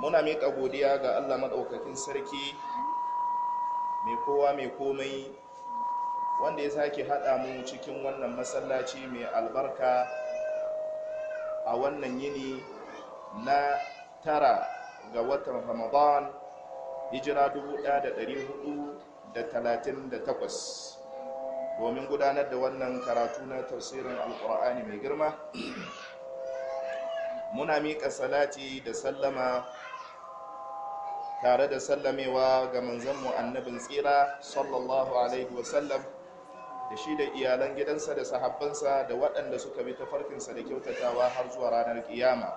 muna miƙa godiya ga allah maɗaukakin sarki mai kowa mai komai wanda ya sake haɗa mu cikin wannan masallaci mai albarka a wannan yini na tara ga watan ramadan hijira 1438 domin gudanar da wannan karatu na tafsirin Alƙur'ani mai girma muna miƙa salati da sallama tare da sallamewa ga manzanmu annabin tsira sallallahu alaihi wasallam da shi da iyalan gidansa da sahabbansa da waɗanda suka bi tafarkinsa da kyautatawa har zuwa ranar kiyama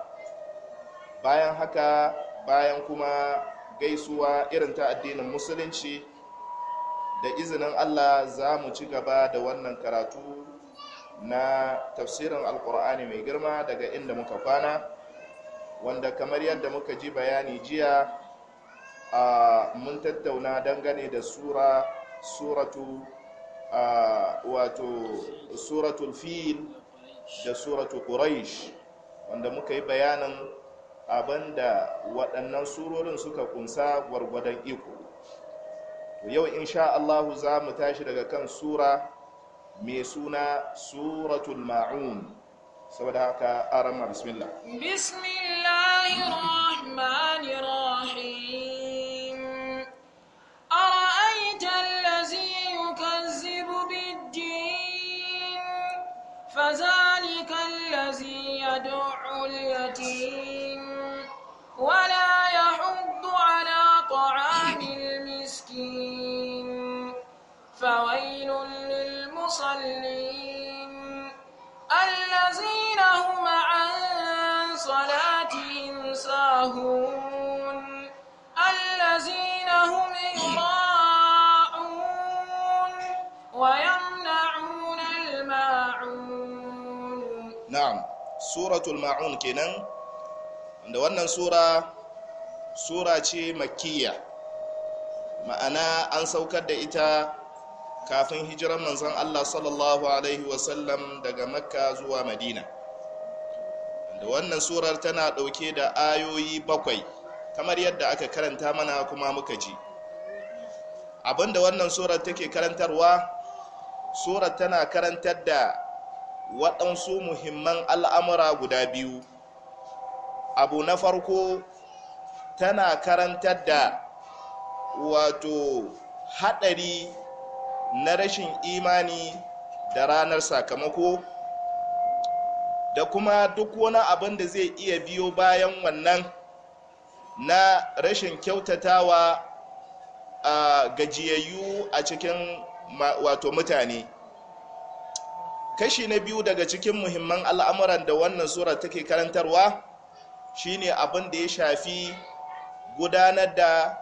bayan haka bayan kuma gaisuwa irin ta addinin musulunci da izinin allah za mu ci gaba da wannan karatu na tafsirin alkur'ani mai girma daga inda muka kwana wanda kamar yadda muka ji bayani jiya A mun tattauna dangane da sura suratu wato suratul fil da suratu quraish wanda muka yi bayanin abinda waɗannan surorin suka kunsa gwargwadon iko yau insha Allah za mu tashi daga kan sura mai suna suratul ma'un saboda haka aramar bismillah فزاد suratul ma'un kenan da wannan sura sura ce makkiya ma'ana an saukar da ita kafin hijiran manzon Allah sallallahu alaihi wasallam daga makka zuwa madina da wannan surar tana dauke da ayoyi bakwai kamar yadda aka karanta mana kuma muka ji abinda wannan surar take karantarwa surar tana karantar da waɗansu muhimman al'amura guda biyu abu na farko tana karantar da wato haɗari na rashin imani da ranar sakamako da kuma duk wani abin da zai iya biyo bayan wannan na rashin kyautatawa a gajiyayyu a cikin wato mutane kashi na biyu daga cikin muhimman al'amuran da wannan sura take karantarwa shine abin da ya shafi gudanar da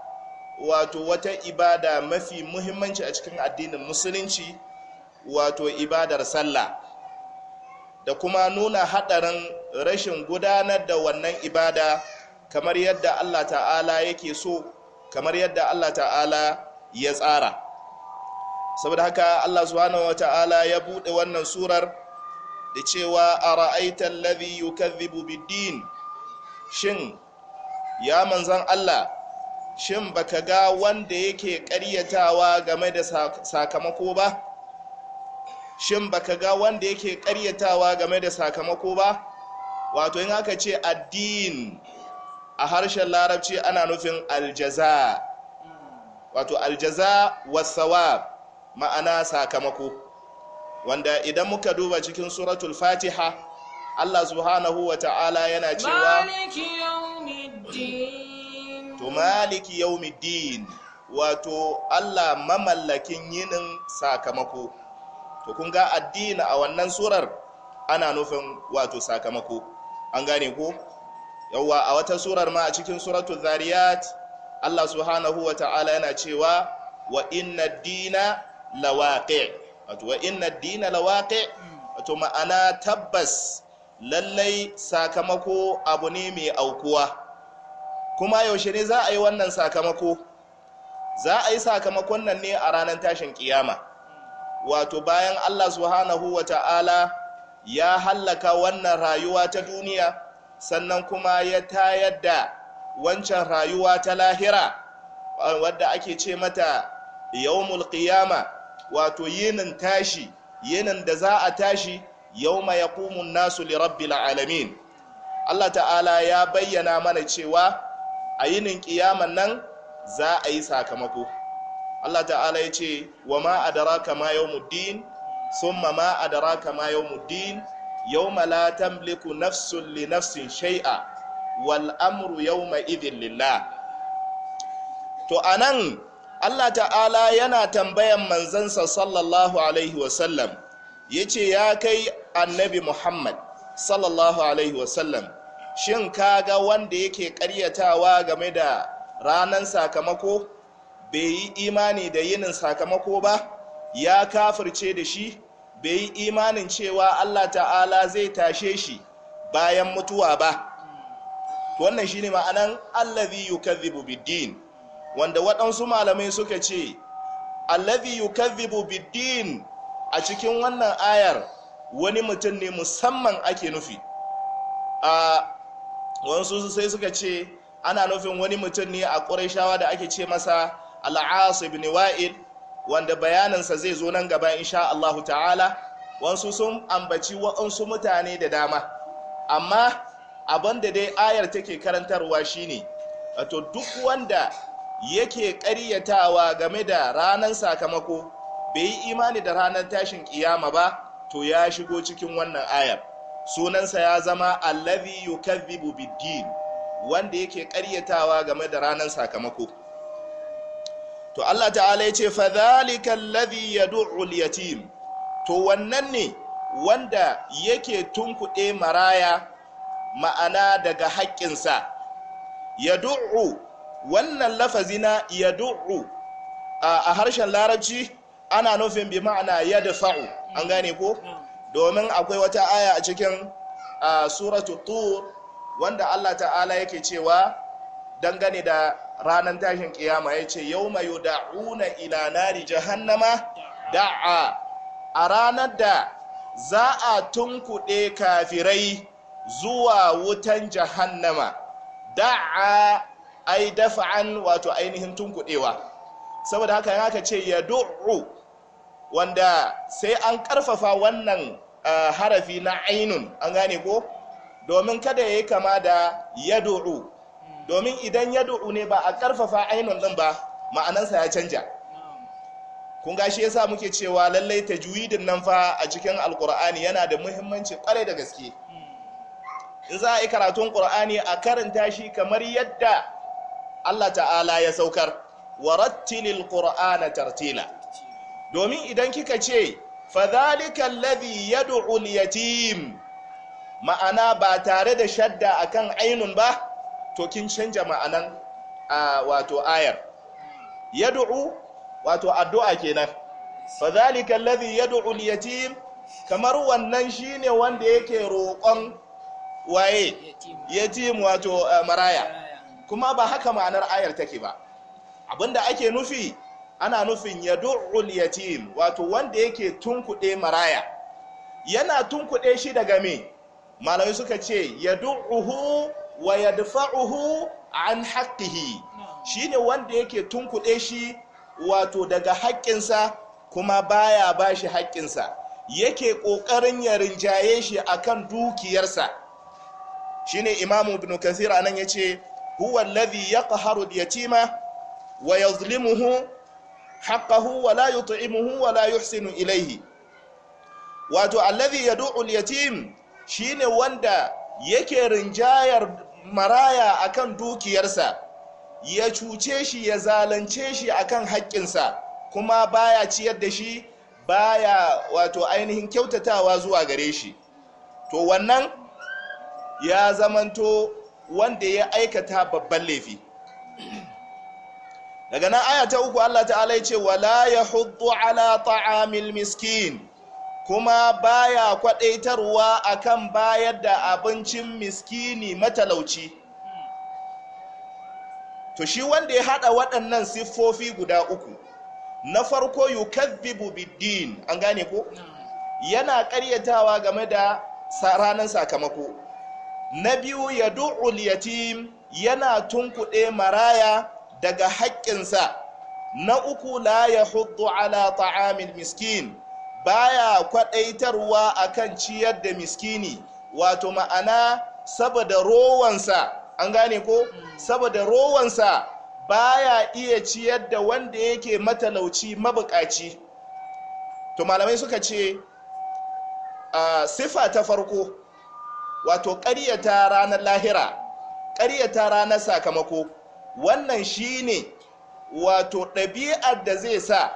wato wata ibada mafi muhimmanci a cikin addinin musulunci wato ibadar sallah da kuma nuna haɗarin rashin gudanar da wannan ibada kamar yadda Allah ta'ala yake so kamar yadda Allah ta'ala ya tsara saboda haka Allah subhanahu wata'ala ya bude wannan surar da cewa ara'aita allazi yukazzibu biddin shin ya manzan Allah shin baka ga wanda yake karyatawa game da sakamako ba shin baka ga wanda yake karyatawa game da sakamako ba wato in aka ce addin a harshen larabci ana nufin aljaza wato aljaza wasawab ma'ana sakamako wanda idan muka duba cikin suratul fatiha allah subhanahu wa ta'ala yana cewa to maliki yaumiddin wato allah mamallakin yinin sakamako to kun ga addini a wannan surar ana nufin wato sakamako an gane ko yawwa a wata surar ma a cikin suratul zariyat allah subhanahu wa ta'ala yana cewa wa inna dina Lawaƙe, wato wa inna dina lawaƙe? wato ma'ana tabbas lallai sakamako abu ne mai aukuwa kuma yaushe ne za a yi wannan sakamako za a yi sakamakon nan ne a ranar tashin kiyama wato bayan allah subhanahu wa ta'ala ya hallaka wannan rayuwa ta duniya sannan kuma ya tayar da wancan rayuwa ta lahira wadda ake ce mata yawmul qiyama wato yinin tashi yinin da za a tashi yauma kumun nasu li rabbil alamin Allah ta'ala ya bayyana mana cewa a yinin kiyaman nan za a yi sakamako Allah ta'ala ya ce wa ma sun ma a dara ma yau ma Yau ma la tamliku nafsun li nafsin shai'a. wal amru ma idin lillah to nan. Allah ta'ala yana tambayan manzansa sallallahu alaihi wasallam ya ce ya kai annabi muhammad sallallahu alaihi wasallam shin ka ga wanda yake karyatawa game da ranan sakamako bai yi imani da yinin sakamako ba ya kafirce da shi bai yi imanin cewa allah ta'ala zai tashe shi bayan mutuwa ba wannan shi shine ma'anan allazi yukazibu biddin wanda waɗansu malamai suka ce allazi yukazzibu biddin a cikin wannan ayar wani mutum ne musamman ake nufi a wansu sai suka ce ana nufin wani mutum ne a shawa da ake ce masa al'as ibn wa'id wanda bayaninsa zai zo nan gaba insha Allah ta'ala wansu sun ambaci wa'ansu mutane da dama amma abin da dai ayar take karantarwa shine to duk wanda yake ƙaryatawa game da ranar sakamako bai yi imani da ranar tashin ƙiyama ba to ya shigo cikin wannan ayar sunansa ya zama allazi yukazzibu biddin wanda yake ƙaryatawa game da ranar sakamako to Allah ta'ala ya ce fa zalika allazi yad'u al-yatim to wannan ne wanda yake tunkuɗe maraya ma'ana daga haƙƙinsa yad'u wannan lafazi na du'u a harshen larabci ana nufin bi ma'ana yadfa'u an gane ko domin akwai wata aya a cikin suratu tur wanda Allah ta'ala yake cewa dangane da ranar tashin kiyama ya ce yau mai da'una ila nari jahannama da'a a ranar da za a tunkuɗe kafirai zuwa wutan jahannama da'a ai dafa'an wato ainihin tunkuɗewa saboda haka haka ce ya du'u wanda sai an ƙarfafa wannan eh, harafi na ainun an gane ko domin kada ya yi kama da ya du'u domin idan ya du'u ne ba a karfafa ainun din ba ma'anansa ya canja kun gashi yasa muke cewa lallai ta juyidin nan fa a cikin alkur'ani yana da muhimmanci kwarai da gaske in za a yi karatun ƙur'ani a karanta shi kamar yadda Allah ta'ala ya saukar warattilil qur'ana tartila domin idan kika ce fadhalika alladhi yad'u al-yatim ma'ana ba tare da shadda akan ainun ba to kin canja ma'anan wato ayar yad'u wato addu'a kenan fadhalika alladhi yad'u al-yatim kamar wannan shine wanda yake roƙon waye yatim wato maraya kuma ba haka ma'anar ayar take ba abinda ake nufi ana nufin ya yatim wato wanda yake tunkuɗe maraya yana tunkuɗe shi daga me malamai suka ce ya du'uhu wa ya dafa'uhu an haƙƙihi shi ne wanda yake tunkuɗe shi wato daga haƙƙinsa kuma baya bashi shi haƙƙinsa yake ƙoƙarin ya rinjaye shi akan dukiyarsa shi ne imamu ibn kasir anan ya ce huwa alladhi yaqharu al-yatima wa yazlimuhu haqqahu wa la yut'imuhu wa la yuhsinu ilayhi wato alladhi yad'u al-yatim shine wanda yake rinjayar maraya akan dukiyarsa ya cuce shi ya zalunce shi akan haƙƙinsa kuma baya ciyar da shi baya wato ainihin kyautatawa zuwa gare shi to wannan ya zamanto wanda ya aikata babban laifi daga nan aya ta uku Allah ta'ala ya ce wala yahuddu ala ta'amil miskin kuma baya kwadaitarwa akan bayar da abincin miskini matalauci to shi wanda ya haɗa waɗannan siffofi guda uku na farko yukazzibu biddin an gane ko yana ƙaryatawa game da ranar sakamako na biyu ya du'ul yatim yana tunkuɗe maraya daga haƙƙinsa na uku la ya hudu ala ta'amil miskin baya kwaɗaitarwa akan ciyar da miskini wato ma'ana saboda rowansa an gane ko saboda rowansa baya iya ciyar da wanda yake matalauci mabukaci to malamai suka ce a sifa ta farko wato ƙaryata ranar lahira ƙaryata ranar sakamako wannan shi ne wato ɗabi'ar da zai sa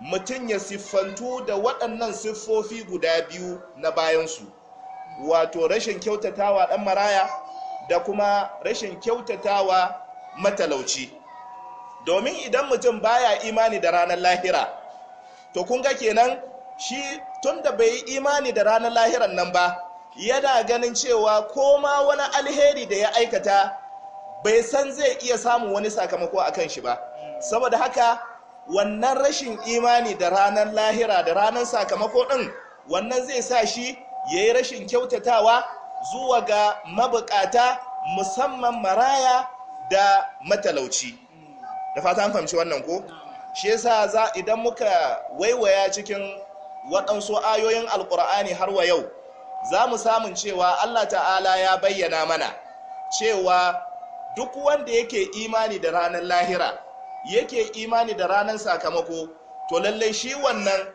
mutum ya siffantu da waɗannan siffofi guda biyu na bayansu wato rashin kyautatawa ɗan maraya da kuma rashin kyautatawa matalauci domin idan mutum baya imani da ranar lahira to kun ga kenan shi tun da bai yi imani da ranar lahiran nan ba yana ganin cewa ko ma wani alheri da ya aikata bai san zai iya samun wani sakamako a kan shi ba saboda haka wannan rashin imani da ranar lahira da ranar sakamako ɗin wannan zai sa shi ya yi rashin kyautatawa zuwa ga mabukata musamman maraya da matalauci da fata an fahimci wannan ko shi yasa za idan muka waiwaya cikin waɗansu ayoyin alkur'ani har wa yau za mu samun cewa Allah ta'ala ya bayyana mana cewa duk wanda yake imani da ranar lahira yake imani da ranar sakamako to lallai shi wannan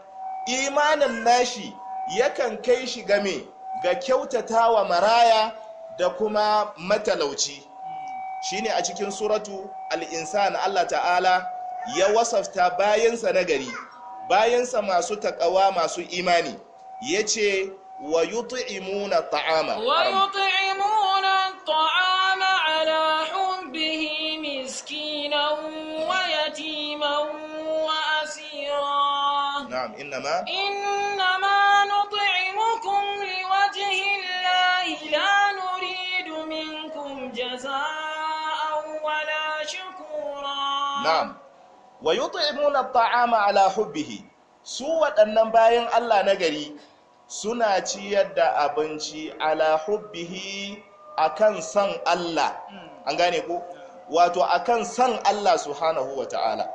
imanin nashi yakan kai shi game ga kyautata wa maraya da kuma matalauci shine a cikin suratu al'insan Allah ta'ala ya wasafta bayansa nagari bayansa masu takawa masu imani ya ce wa yut'imuna ta'ama wa yut'imuna ta'ama ala hubbihi miskinan wa yatiman wa asira na'am innama innama nut'imukum liwajhi llahi la nuridu minkum jazaa'an wa la shukura na'am wa yut'imuna ta'ama ala hubbihi su waɗannan bayan Allah na gari suna ciyar da abinci ala hubbihi akan san Allah hmm. an gane ku? wato akan san Allah subhanahu wa ta'ala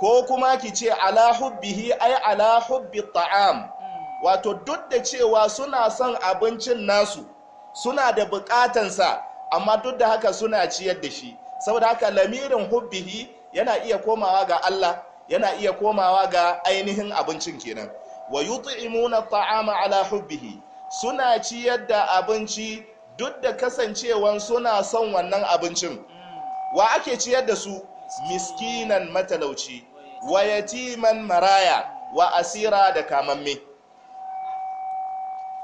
ko kuma ki ce ala hubbihi ai ala hubbi ta'am hmm. wato duk da cewa suna son abincin nasu suna da bukatansa amma duk da haka suna ciyar da shi saboda haka lamirin hubbihi yana iya komawa ga Allah yana iya komawa ga ainihin abincin kenan wa yut'imuna ta'ama ala hubbihi suna ciyar da abinci duk da kasancewan suna son wannan abincin wa ake ciyar da su miskinan matalauci wa yatiman maraya wa asira da kamamme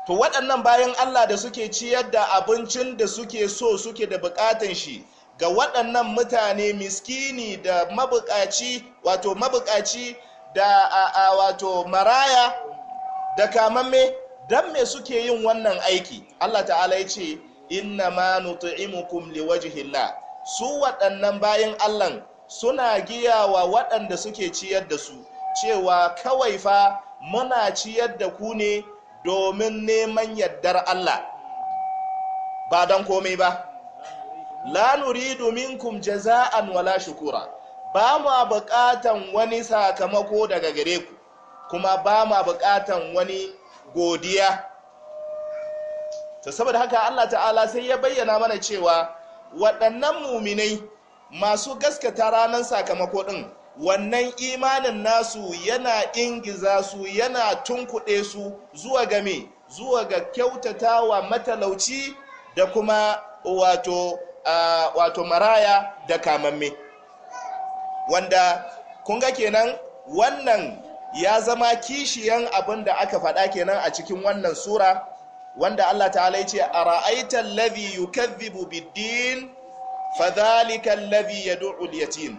to waɗannan bayan Allah da suke ciyar da abincin da suke so suke da buƙatan shi ga waɗannan mutane miskini da mabuƙaci wato mabukaci da a wato maraya da kamamme don me suke yin wannan aiki Allah ta'ala ya ce inna ma nutu-inu nut'imukum hil'a. su waɗannan bayan Allah suna giya wa waɗanda suke ciyar da su cewa kawai fa muna ciyar da ku ne domin neman yaddar Allah ba don komai ba la nuridu minkum jaza'an wala shukura ba ma buƙatan wani sakamako daga gare ku kuma ba ma buƙatan wani godiya ta saboda haka Allah ta'ala sai ya bayyana mana cewa waɗannan muminai masu gaskata ranar sakamako ɗin wannan imanin nasu yana ingiza su yana tunkuɗe su zuwa game, zuwa ga kyautata wa matalauci da kuma wato maraya da kamamme wanda kun ga kenan wannan ya zama kishiyan abin da aka faɗa kenan a cikin wannan sura wanda Allah ta'ala ya ce a ra'aitar lafi yukazzibu biddin fadhalikan lafi ya du'ul yatim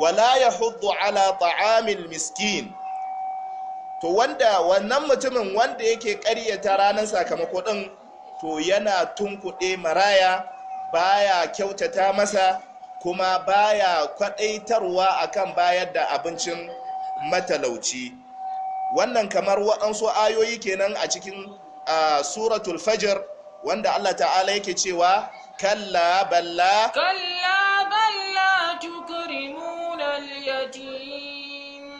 wala ya hudu ala ta'amil miskin to wanda wannan mutumin wanda yake karyata ranar sakamako ɗin to yana tunkuɗe maraya baya kyautata masa kuma baya kwadaitarwa akan bayar da abincin matalauci wannan kamar waɗansu ayoyi kenan a cikin suratul fajr wanda Allah ta'ala yake cewa kalla balla kalla balla tukrimuna al-yatim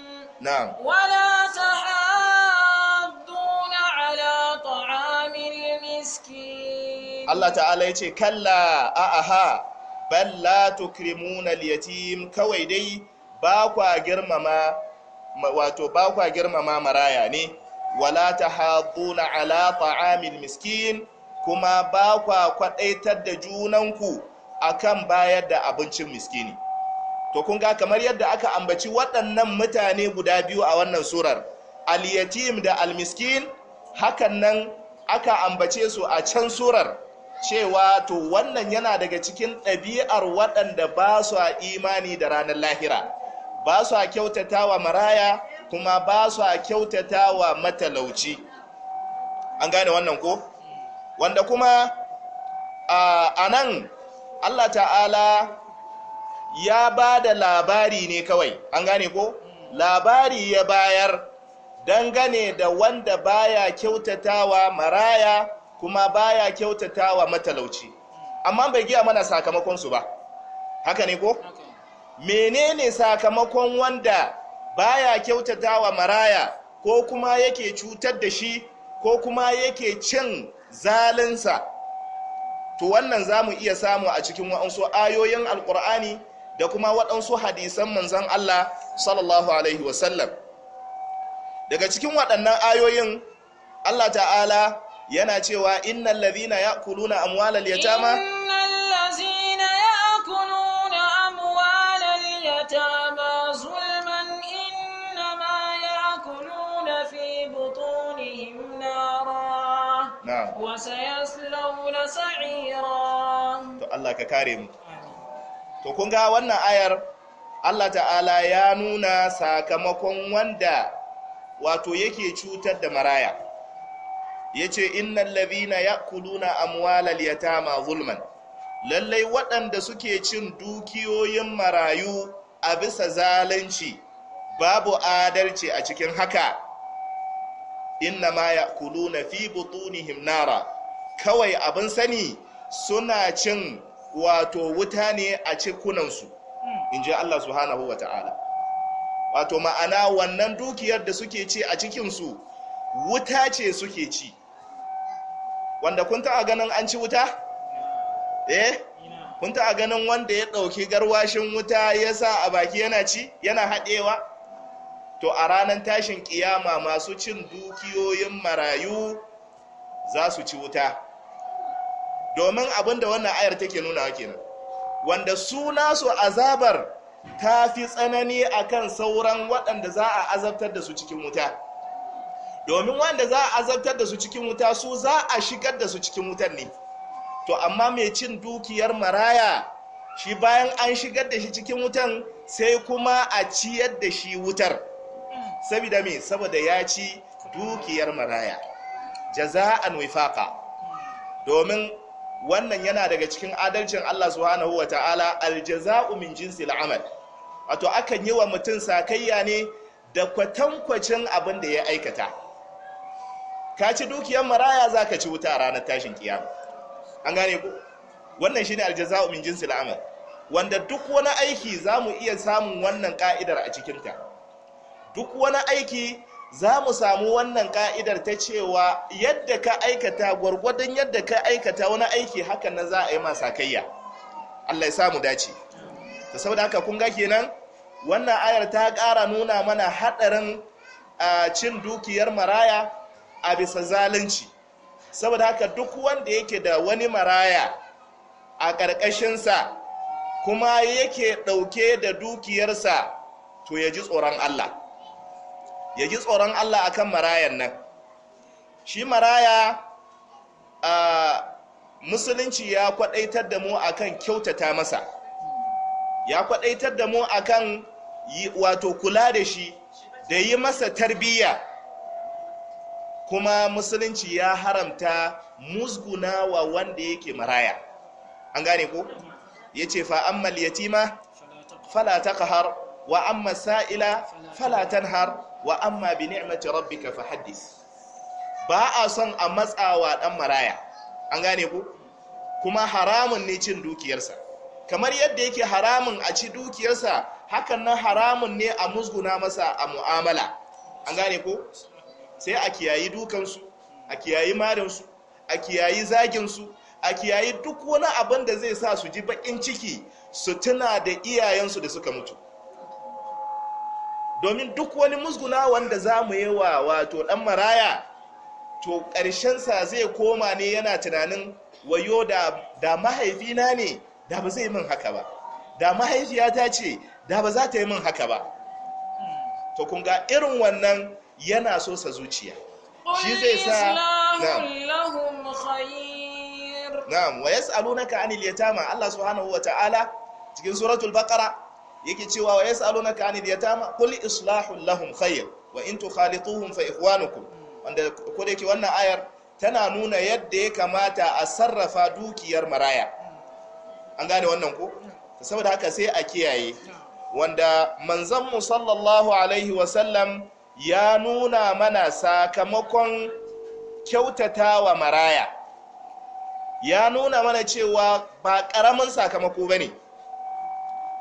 na'am wala tahadduna ala ta'amil miskin Allah ta'ala yace kalla aha bal la tukrimuna al kawai dai ba kwa girmama wato ba kwa girmama maraya ne wala tahaduna ala ta'amil miskin kuma ba kwa kwadaitar da junanku akan bayar da abincin miskini to kun ga kamar yadda aka ambaci waɗannan mutane guda biyu a wannan surar al da al-miskin hakan nan aka ambace su a can surar cewa to wannan yana daga cikin ɗabi'ar waɗanda ba su a imani da ranar lahira ba su a kyautata wa maraya kuma ba su a kyautata wa matalauci an gane wannan ko wanda kuma a nan allah ta'ala ya ba da labari ne kawai an gane ko labari ya bayar dangane da wanda baya kyautatawa maraya kuma baya kyautata wa matalauci amma bai giya mana sakamakon su ba haka ne ko menene sakamakon wanda baya kyautata wa maraya ko kuma yake cutar da shi ko kuma yake cin zalinsa to wannan za mu iya samu a cikin waɗansu ayoyin alkur'ani da kuma waɗansu hadisan manzan Allah sallallahu alaihi wasallam daga cikin waɗannan ayoyin Allah ta'ala yana cewa innal ladhina ya'kuluna amwalal yatama innal ladhina ya'kuluna amwalal yatama zulman innama ya'kuluna fi butunihim nara na'am wa sayaslawna sa'ira to Allah ka kare mu to kun ga wannan ayar Allah ta'ala ya nuna sakamakon wanda wato yake cutar da maraya Ya ce, yace Ya'Kulu na ya'kuluna ya tama zulman lallai waɗanda suke cin dukiyoyin marayu a bisa zalunci babu adalci a cikin haka inna ma na fi butunihim nara kawai abin sani suna cin wato wuta ne a cikunansu in ji Allah subhanahu wa ta'ala wato ma'ana wannan dukiyar da suke ci a cikinsu wuta ce suke ci wanda kun taɓa ganin an ci wuta? eh kun taɓa ganin wanda ya ɗauki garwashin wuta ya sa a baki yana ci yana haɗewa to a ranar tashin ƙiyama masu cin dukiyoyin marayu za su ci wuta domin abinda wannan ayar take nuna kenan wanda su azabar ta fi tsanani akan sauran waɗanda za a azabtar da su cikin wuta domin wanda za a azabtar da su cikin wuta su za a shigar da su cikin wutar ne to amma mai cin dukiyar maraya shi bayan an shigar da shi cikin wutan sai kuma a ciyar da shi wutar saboda me saboda ya ci dukiyar maraya jaza'an wifaqa domin wannan yana daga cikin adalcin Allah subhanahu wata'ala aljaza'u min jinsil amal wato akan yi wa mutum sakayya ne da kwatankwacin abin da ya aikata ka ci dukiyar maraya za ka ci wuta a ranar tashin kiyama an gane ku wannan shine aljaza'u min jinsil amal wanda duk wani aiki za mu iya samun wannan ka'idar a cikinta duk wani aiki za mu samu wannan ka'idar ta cewa yadda ka aikata gwargwadon yadda ka aikata wani aiki hakan na za a yi masa kayya allah ya samu dace ta saboda haka kun ga kenan wannan ayar ta ƙara nuna mana haɗarin ah, cin dukiyar maraya a bisa zalunci saboda haka duk wanda yake da wani maraya a ƙarƙashinsa kuma yake ɗauke da dukiyarsa to ya ji tsoron Allah ya ji tsoron Allah akan marayan nan shi maraya a musulunci ya kwaɗaitar da mu akan kyautata masa ya kwaɗaitar da mu kan wato kula da shi da yi masa tarbiyya kuma musulunci ya haramta musguna wa wanda yake maraya an gane ko ya ce fa ammal yatima fala har, wa amma sa'ila fala har, wa amma bi ni'mati rabbika haddis. ba a son a matsawa dan maraya an gane ku kuma haramun ne cin dukiyarsa kamar yadda yake haramun a ci dukiyarsa hakan nan haramun ne a musguna masa a mu'amala an gane ku sai a kiyayi dukansu a kiyayi marinsu a kiyayi zaginsu a kiyayi duk wani abin da zai sa su ji baƙin ciki su tuna da iyayensu da suka mutu domin duk wani musguna wanda za mu yi wa wato ɗan maraya to sa zai koma ne yana tunanin wayo da mahaifina ne da ba zai min haka ba da mahaifiyata ce da ba za ta yi min haka ba to kunga irin wannan yana so sa zuciya shi zai sa na'am wa yas'alunaka anil yatama Allah subhanahu wa ta'ala cikin suratul baqara yake cewa wa yas'alunaka anil yatama qul islahul lahum khair wa in tukhalituhum fa ikhwanukum wanda ko da yake wannan ayar tana nuna yadda ya kamata a sarrafa dukiyar maraya an gane wannan ko saboda haka sai a kiyaye wanda manzon mu sallallahu alaihi wa sallam ya nuna mana sakamakon kyautata wa maraya ya nuna mana cewa ba ƙaramin sakamako ba ne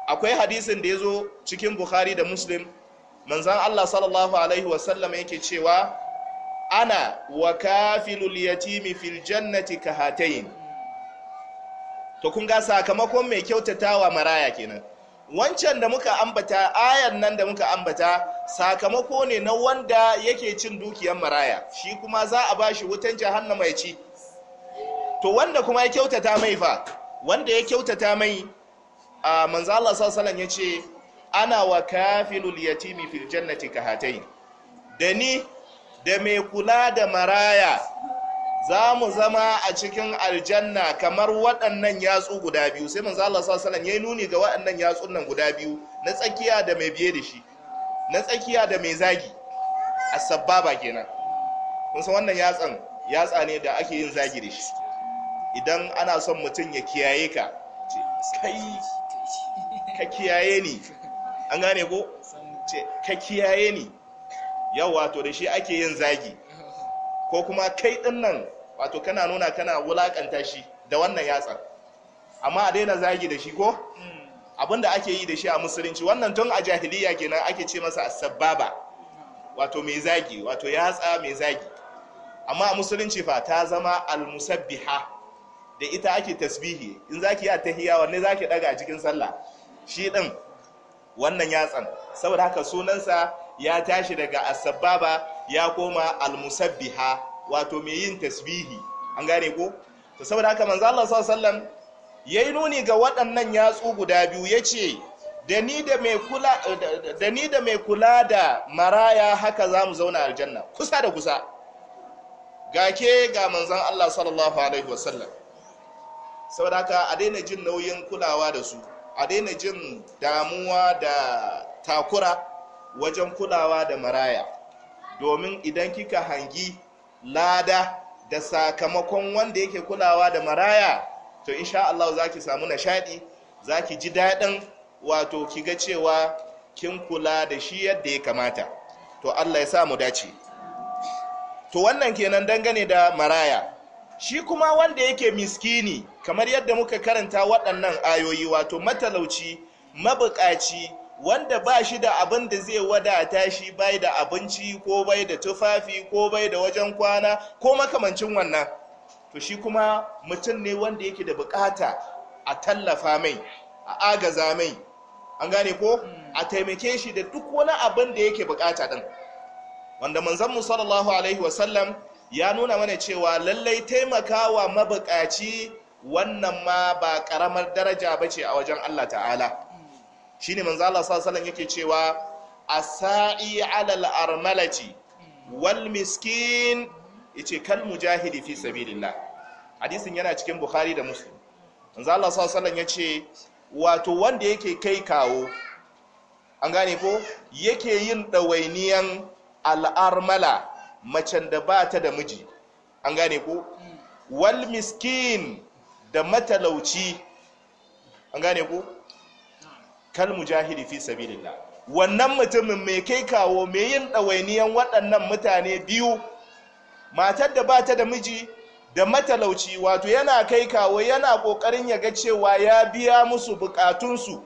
akwai hadisin da ya zo cikin bukhari da muslim manzan allah sallallahu alaihi wasallam yake cewa ana wa kafilul yatimi fil jannati hatayin. to kun ga sakamakon mai kyautata wa maraya kenan wancan da muka ambata ayan nan da muka ambata sakamako ne na wanda yake cin dukiyar maraya shi kuma za a bashi wutan jahannama ya ci to wanda kuma ya kyautata mai fa wanda ya kyautata mai a manzo Allah sallallahu ya ce ana wa kafilul yatimi fil jannati kahatai da ni da mai kula da maraya za mu zama a cikin aljanna kamar waɗannan yatsu guda biyu sai manzo Allah sallallahu alaihi wasallam yayi nuni ga waɗannan yatsun nan guda biyu na tsakiya da mai biye da shi na tsakiya da mai zagi as-sababa kenan kun san wannan yatsan yatsa ne da ake yin zagi da shi idan ana son mutum ya kiyaye ka kai ka kiyaye ni an gane ko ka kiyaye ni yawa to da shi ake yin zagi ko kuma kai din nan wato kana nuna kana wulakanta shi da wannan yatsa amma a daina zagi da shi ko abin da ake yi da shi a musulunci wannan tun a jahiliya kenan ake ce masa asababa wato mai zagi wato yatsa mai zagi amma a musulunci fa ta zama almusabbiha da ita ake tasbihi in zaki yi tahiya wanne zaki daga a cikin sallah shi din wannan yatsan saboda haka sunansa ya tashi daga asababa ya koma almusabbiha wato mai yin tasbihi an gane ko to saboda haka manzo Allah sallallahu alaihi wasallam yayi nuni ga waɗannan yatsu guda biyu yace da ni da mai kula da ni da mai kula da maraya haka zamu zauna aljanna kusa da kusa gake ga manzon Allah sallallahu alaihi wasallam saboda haka a daina jin nauyin kulawa da su a daina jin damuwa da takura wajen kulawa da maraya domin idan kika hangi lada da sakamakon wanda yake kulawa da maraya to insha Allah za ki samu nishaɗi, za ki ji daɗin wato ki ga cewa kin kula da shi yadda ya kamata to Allah ya sa mu dace to wannan kenan dangane da maraya shi kuma wanda yake miskini kamar yadda muka karanta waɗannan ayoyi wato matalauci mabuƙaci wanda ba shi da abin da zai wadata shi bai da abinci ko bai da tufafi ko bai da wajen kwana ko makamancin wannan to shi kuma mutum ne wanda yake da bukata a tallafa mai a agaza mai an gane ko a taimake shi da duk wani abin da yake bukata din wanda manzon mu sallallahu alaihi wasallam ya nuna mana cewa lallai taimakawa mabukaci wannan ma ba karamar daraja bace a wajen Allah ta'ala shine manzo Allah sallallahu yake cewa asai alal armalati wal miskin yace kal mujahidi fi sabilillah hadisin yana cikin bukhari da muslim manzo Allah sallallahu yace wato wanda yake kai kawo an gane ko yake yin dawainiyan al'armala macen da ba ta da miji an gane ko wal miskin da matalauci an gane ko kal mujahidi fi sabilillah wannan mutumin mai kai kawo mai yin ɗawainiyan waɗannan mutane biyu matar da ba ta da miji da matalauci wato yana kai kawo yana ƙoƙarin ya ga cewa ya biya musu buƙatunsu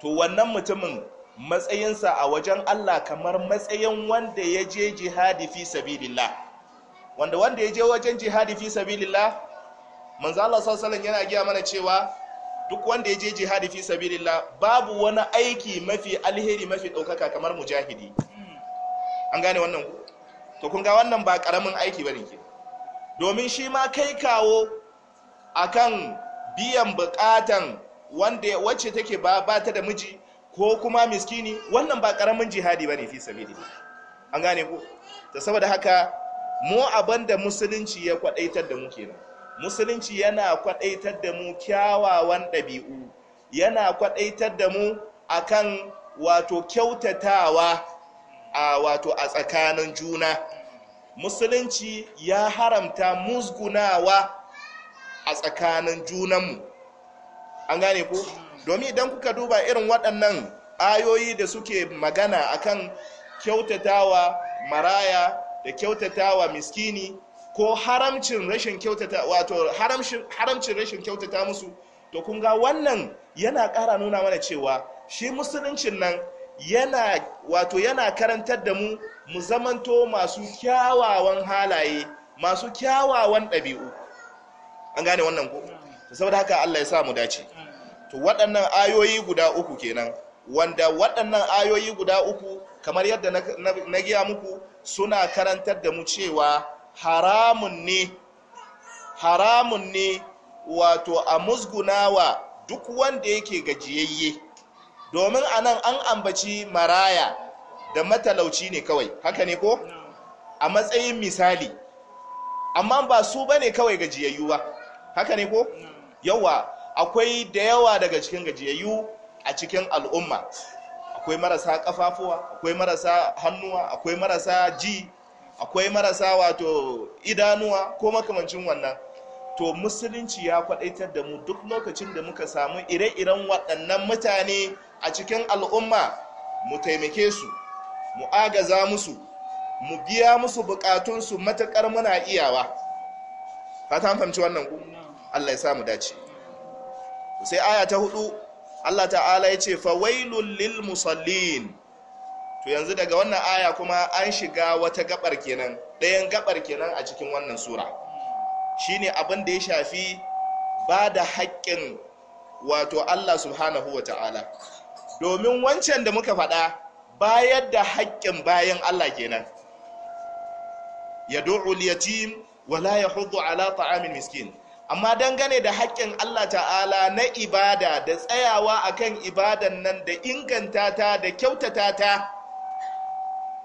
to wannan mutumin matsayinsa a wajen Allah kamar matsayin wanda ya je jihadi fi sabilillah wanda wanda ya je wajen jihadi fi sabilillah manzo Allah sallallahu alaihi wasallam yana giya mana cewa duk wanda ya je jihadi fi sabilillah babu wani aiki mafi alheri mafi ɗaukaka kamar mujahidi an gane wannan ku to kun ga wannan ba ƙaramin aiki bane ke domin shi ma kai kawo akan biyan bukatan wanda wacce take ba ta da miji ko kuma miskini wannan ba ƙaramin jihadi bane fi sabilillah an gane ku to saboda haka mu abanda musulunci ya kwadaitar da mu kenan musulunci yana kwadaitar da mu kyawawan ɗabi'u yana kwadaitar da mu akan wato kyautatawa a wato a tsakanin juna musulunci ya haramta musgunawa a tsakanin junanmu an gane ku domin idan kuka duba irin waɗannan ayoyi da suke magana akan kyautatawa maraya da kyautatawa miskini ko haramcin rashin kyautata wato haramcin rashin kyautata musu to kun ga wannan yana ƙara nuna mana cewa shi musuluncin nan yana wato yana karantar da mu mu zamanto masu kyawawan halaye masu kyawawan ɗabi'u an gane wannan ko saboda haka Allah ya sa mu dace to waɗannan ayoyi guda uku kenan wanda waɗannan ayoyi guda uku kamar yadda na, na, na giya muku suna karantar da mu cewa haramun ne haramun ne wato a musgunawa duk wanda yake gajiyayye domin a nan an ambaci maraya da matalauci ne kawai haka ne ko a matsayin misali amma ba su ba ne kawai gajiyayyu ba haka ne ko yawa akwai da yawa daga cikin gajiyayyu a cikin al'umma akwai marasa kafafuwa akwai marasa hannuwa akwai marasa ji akwai marasa wato idanuwa ko makamancin wannan to musulunci ya kwadaitar da mu duk lokacin da muka samu ire-iren waɗannan mutane a cikin al'umma mu taimake su mu agaza musu mu biya musu bukatunsu matakar muna iyawa fata fahimci wannan ku Allah ya sa mu dace sai aya ta hudu Allah ta'ala ya ce fa wailul lil musallin to yanzu daga wannan aya kuma an shiga wata gabar kenan ɗayan gabar kenan a cikin wannan sura shine abin da ya shafi ba da haƙƙin wato Allah subhanahu wa ta'ala domin wancan da muka faɗa bayar da haƙƙin bayan Allah kenan ya do'ul yatim wala ya hudu ala ta'amin miskin amma dangane da haƙƙin Allah ta'ala na ibada da tsayawa akan ibadan nan da inganta ta da kyautata ta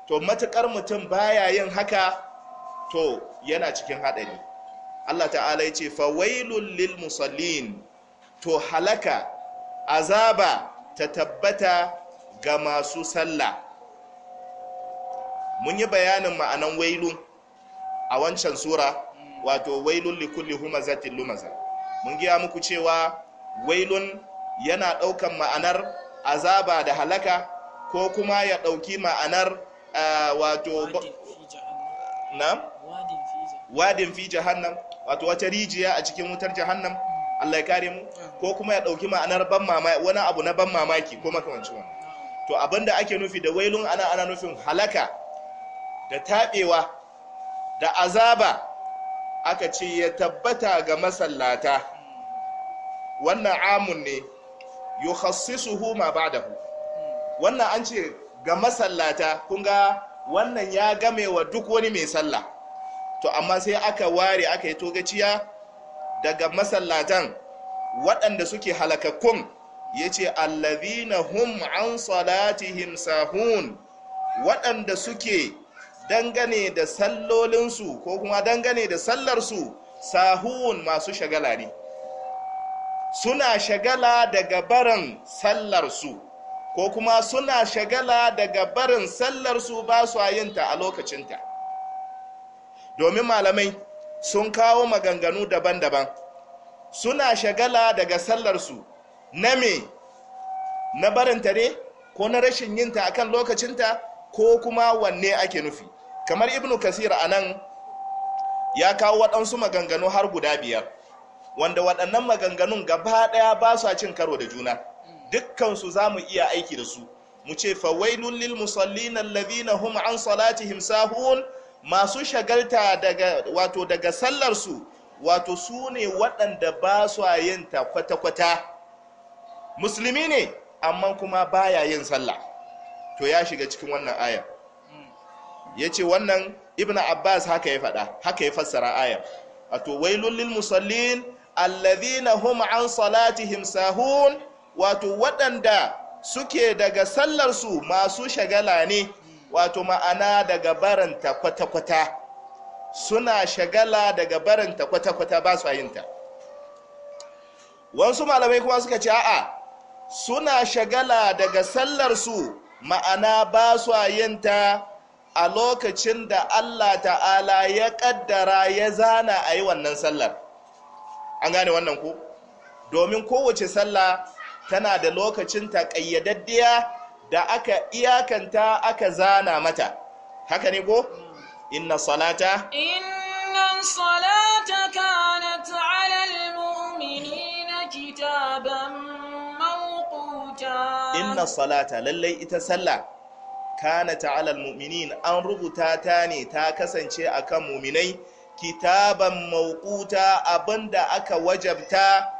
to matuƙar mutum baya yin haka to yana cikin haɗari Allah ta'ala ya ce wailun lil musallin to halaka azaba ta tabbata ga masu sallah mun yi bayanin ma'anan wailu a wancan sura wato wailun likulli humazatin lumaza mun giya muku cewa wailun yana ɗaukan ma'anar azaba da halaka ko kuma ya ɗauki ma'anar Ah, wato wadin fi jahannam wato wata rijiya a cikin wutar jahannam hmm. Allah ya kare mu ko kuma ya dauki ma'anar ban mamaki wani abu na ban mamaki ko makamancin wannan to abinda ake nufi da wailun ana ana nufin halaka da tabewa da azaba aka ce ya tabbata ga masallata hmm. wannan amun ne yukhassisuhu ma ba'dahu hmm. wannan an ce ga masallata kun wannan ya game wa duk wani mai sallah to amma sai aka ware aka yi togaciya daga masallatan waɗanda suke halakakkun ya ce allazina hum an salatihim sahun waɗanda suke dangane da sallolinsu ko kuma dangane da sallarsu sahun masu shagala ne suna shagala daga baran sallarsu ko kuma suna shagala daga barin sallar su ba su yinta a lokacinta domin malamai sun kawo maganganu daban-daban suna shagala daga sallar su na me na barinta ne ko na rashin yinta akan lokacinta ko kuma wanne ake nufi kamar ibnu kasir a nan ya kawo waɗansu maganganu har guda biyar wanda waɗannan maganganun gaba ɗaya ba su cin karo da juna dukkansu za mu iya aiki da su mu ce fawailun lil musallin alladhina hum an salatihim sahun masu shagalta daga wato daga sallar su wato su ne waɗanda ba su yin ta kwata-kwata musulmi ne amma kuma baya yin sallah to ya shiga cikin wannan aya ya ce wannan ibn abbas haka ya faɗa haka ya fassara ayar wato wailun lil musallin alladhina hum an salatihim sahun wato waɗanda suke daga sallarsu masu shagala ne wato ma'ana daga baranta kwata-kwata suna shagala daga baranta kwata-kwata ba su yinta wasu malamai kuma suka ce a'a suna shagala daga sallarsu ma'ana ba su yinta a lokacin da Allah ta'ala ya kaddara ya zana a yi wannan sallar an gane wannan ku domin kowace sallah tana da lokacin taƙayyadaddiya ƙayyadaddiya da aka iyakanta aka zana mata haka ne ko inna salata inna salata kanat ala almu'minina kitaban mawquta inna salata lallai ita sallah kana ta'ala almu'minin an rubuta ta ne ta kasance akan mu'minai kitaban mawquta abinda aka wajabta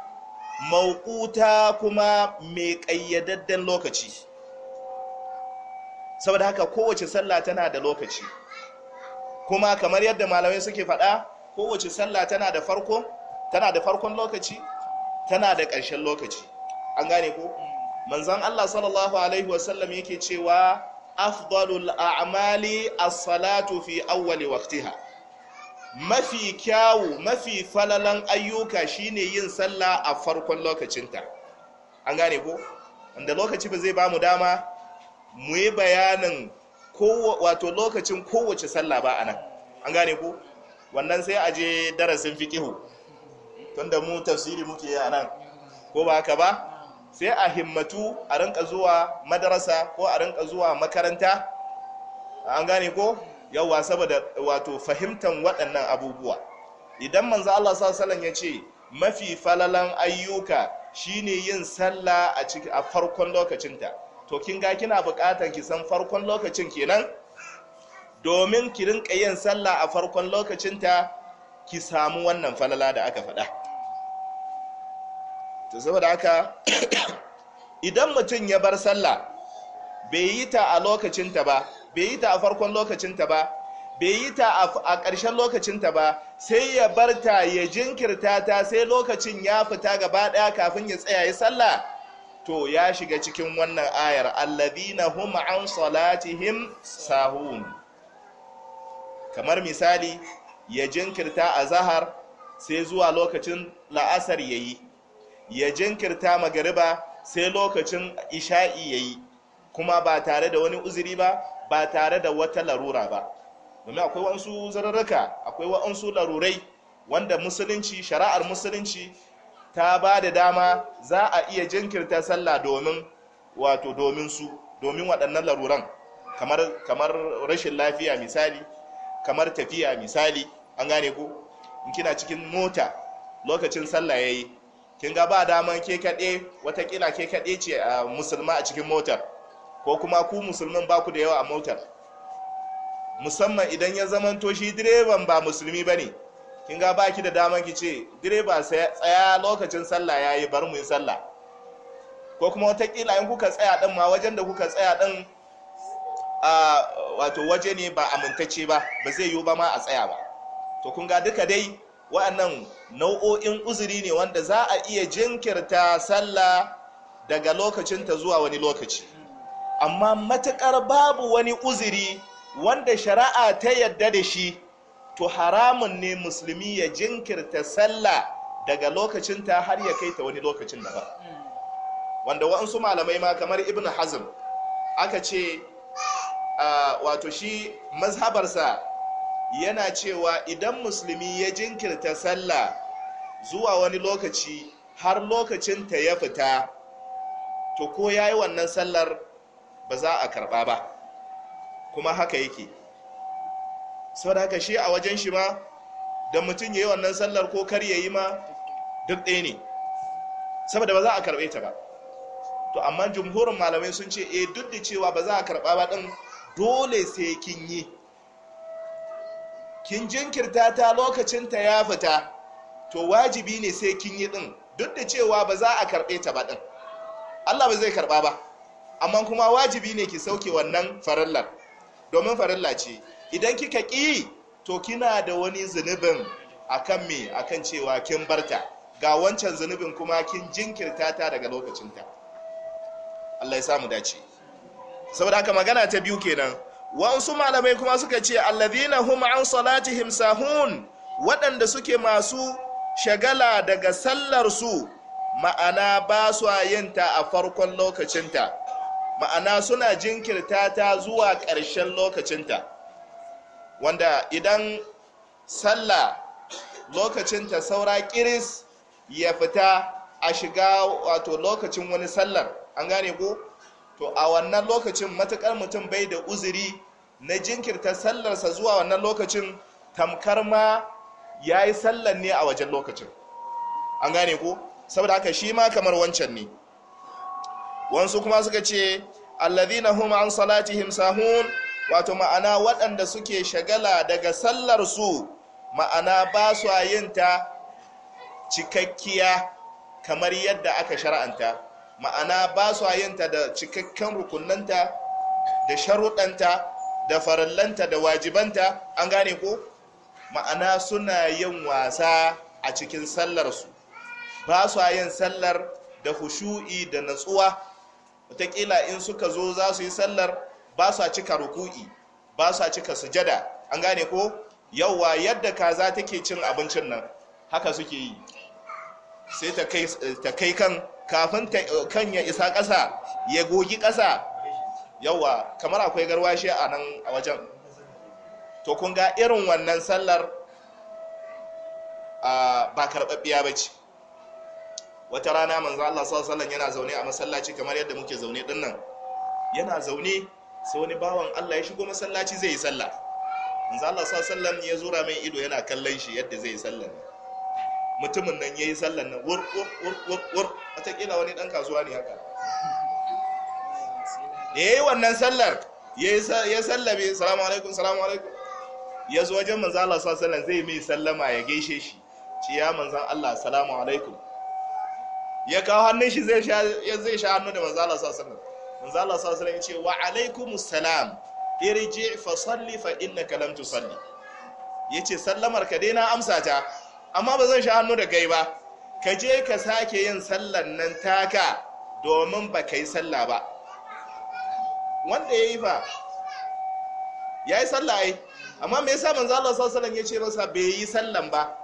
Maukuta kuma mai ƙayyadadden lokaci saboda haka kowace sallah tana da lokaci kuma kamar yadda malamai suke faɗa kowace sallah tana da farko tana da farkon lokaci tana da ƙarshen lokaci an gane ko manzan Allah sallallahu alaihi wasallam yake cewa afdalul a'mali as-salatu fi awwali waqtiha mafi kyawu mafi falalan ayyuka shine yin sallah a farkon lokacinta an gane ko wanda lokaci ba zai ba mu dama mu yi bayanin wato lokacin kowace sallah ba anan an gane ko wannan sai a je darasin fiqihu tunda mu tafsiri muke yi anan ko ba haka ba sai a himmatu a rinka zuwa madarasa ko a rinka zuwa makaranta an gane ko yawa saboda wato fahimtar waɗannan abubuwa idan manzo Allah sallallahu ya ce mafi falalan ayyuka shine yin sallah a cikin a farkon lokacinta to kin ga kina buƙatar ki san farkon lokacin kenan domin ki rinka yin sallah a farkon lokacinta ki samu wannan falala da aka faɗa to saboda haka idan mutum ya bar sallah bai yi ta a lokacinta ba bai yi ta a farkon lokacinta ba bai yi ta a ƙarshen lokacinta ba sai ya bar ta ya jinkirta ta sai lokacin ya fita gaba ɗaya kafin ya tsaya ya sallah to ya shiga cikin wannan ayar alladhina hum an salatihim sahun kamar misali ya jinkirta a zahar sai zuwa lokacin la'asar yayi ya jinkirta magariba sai lokacin isha'i yayi kuma ba tare da wani uzuri ba ba tare da wata larura ba domin akwai wasu zararraka akwai wa'ansu larurai wanda musulunci shari'ar musulunci ta ba da dama za a iya jinkirta sallah domin wato domin su domin waɗannan laruran kamar rashin lafiya misali kamar tafiya misali an gane ku in kina cikin mota lokacin sallah yi, kin ga ba daman ke kaɗe watakila ke kaɗe ce a ah, musulma a cikin motar ko kuma ku musulman ba ku da yawa a motar musamman idan ya zamanto shi direban ba musulmi ba ne kin ga baki da daman ki ce direba tsaya lokacin sallah ya yi bar mu yi sallah ko kuma watakila in kuka tsaya ɗin ma wajen da kuka tsaya ɗin a wato waje ne ba amintacce ba ba zai yiwu ba ma a tsaya ba to kun ga duka dai wa'annan nau'o'in uzuri ne wanda za a iya jinkirta sallah daga lokacinta zuwa wani lokaci amma matuƙar babu wani uzuri wanda shari'a ta yadda da shi to haramun ne musulmi ya jinkirta sallah daga lokacin ta har ya kai ta wani lokacin daban wanda wa'ansu malamai ma kamar ibn hazm aka ce wato shi mazhabarsa yana cewa idan musulmi ya jinkirta sallah zuwa wani lokaci har lokacin ta ya fita to ko ya yi wannan sallar ba za a karba ba kuma haka yake sau da haka shi a wajen shi ma da mutum ya yi wannan sallar ko kar ya yi ma duk ɗaya ne saboda ba za a karɓe ta ba to amma jumhurin malamai sun ce eh duk da cewa ba za a karɓa ba ɗin dole sai kin yi kin jinkirta ta lokacinta ya fita to wajibi ne sai kin yi ɗin duk da cewa ba za a karɓe ta ba ɗin allah ba zai karɓa ba amma kuma wajibi ne ki sauke wannan farallar domin farallar ce idan kika ƙi to kina da wani zunubin akan me akan cewa kin barta ga wancan zunubin kuma kin jinkirta ta daga lokacinta Allah ya samu dace saboda haka magana ta biyu kenan wasu malamai kuma suka ce alladhina hum an salatihim sahun waɗanda suke masu shagala daga sallar su ma'ana ba su yinta a farkon lokacinta ma'ana suna jinkirta ta zuwa ƙarshen lokacinta wanda idan sallah lokacinta saura kiris ya fita a shiga wato lokacin wani sallar an gane ku? to a wannan lokacin matukar mutum bai da uzuri na jinkirta sallarsa zuwa wannan lokacin tamkar ma ya yi sallar ne a wajen lokacin an gane ku? saboda haka shi ma kamar wancan ne wansu kuma suka ce alladhina hum an salatihim sahun wato ma'ana waɗanda suke shagala daga sallar su ma'ana ba su ta cikakkiya kamar yadda aka shara'anta ma'ana ba su ta da cikakken rukunanta da sharuɗanta da farallanta da wajibanta an gane ko ma'ana suna yin wasa a cikin su ba su yin sallar da hushu'i da natsuwa wataƙila in suka zo za su yi sallar ba su cika ruku'i ba su cika sujada an gane ko yauwa yadda kaza take cin abincin nan haka suke yi sai ta kai kan kafin kan ya isa ƙasa ya gogi ƙasa yauwa kamar akwai garwashi a nan a wajen to kun ga irin wannan sallar ba karɓaɓɓiya ba ce wata rana manzo Allah sallallahu alaihi yana zaune a masallaci kamar yadda muke zaune dinnan yana zaune sai wani bawan Allah ya shigo masallaci zai yi sallah manzo Allah sallallahu alaihi ya zura mai ido yana kallon shi yadda zai yi sallah mutumin nan yayi sallah nan wur wur wur wur kila wani dan kasuwa ne haka da yayi wannan sallar ya sallabe, salamu alaikum salamu alaikum ya zo wajen manzo Allah sallallahu alaihi zai mai sallama ya gaishe shi ciya manzo manzan Allah salamu alaikum ya kawo hannun shi zai sha zai sha hannu da manzo Allah sallallahu alaihi wasallam manzo Allah sallallahu alaihi wasallam ya ce wa alaikumus salam irji fa salli fa innaka lam tusalli yace sallamar ka dai na amsa ta amma ba zan sha hannu da kai ba ka je ka sake yin sallan nan taka domin ba kai sallah ba wanda yayi fa yayi sallah ai amma me yasa manzo Allah sallallahu alaihi wasallam ya ce masa bai yi sallan ba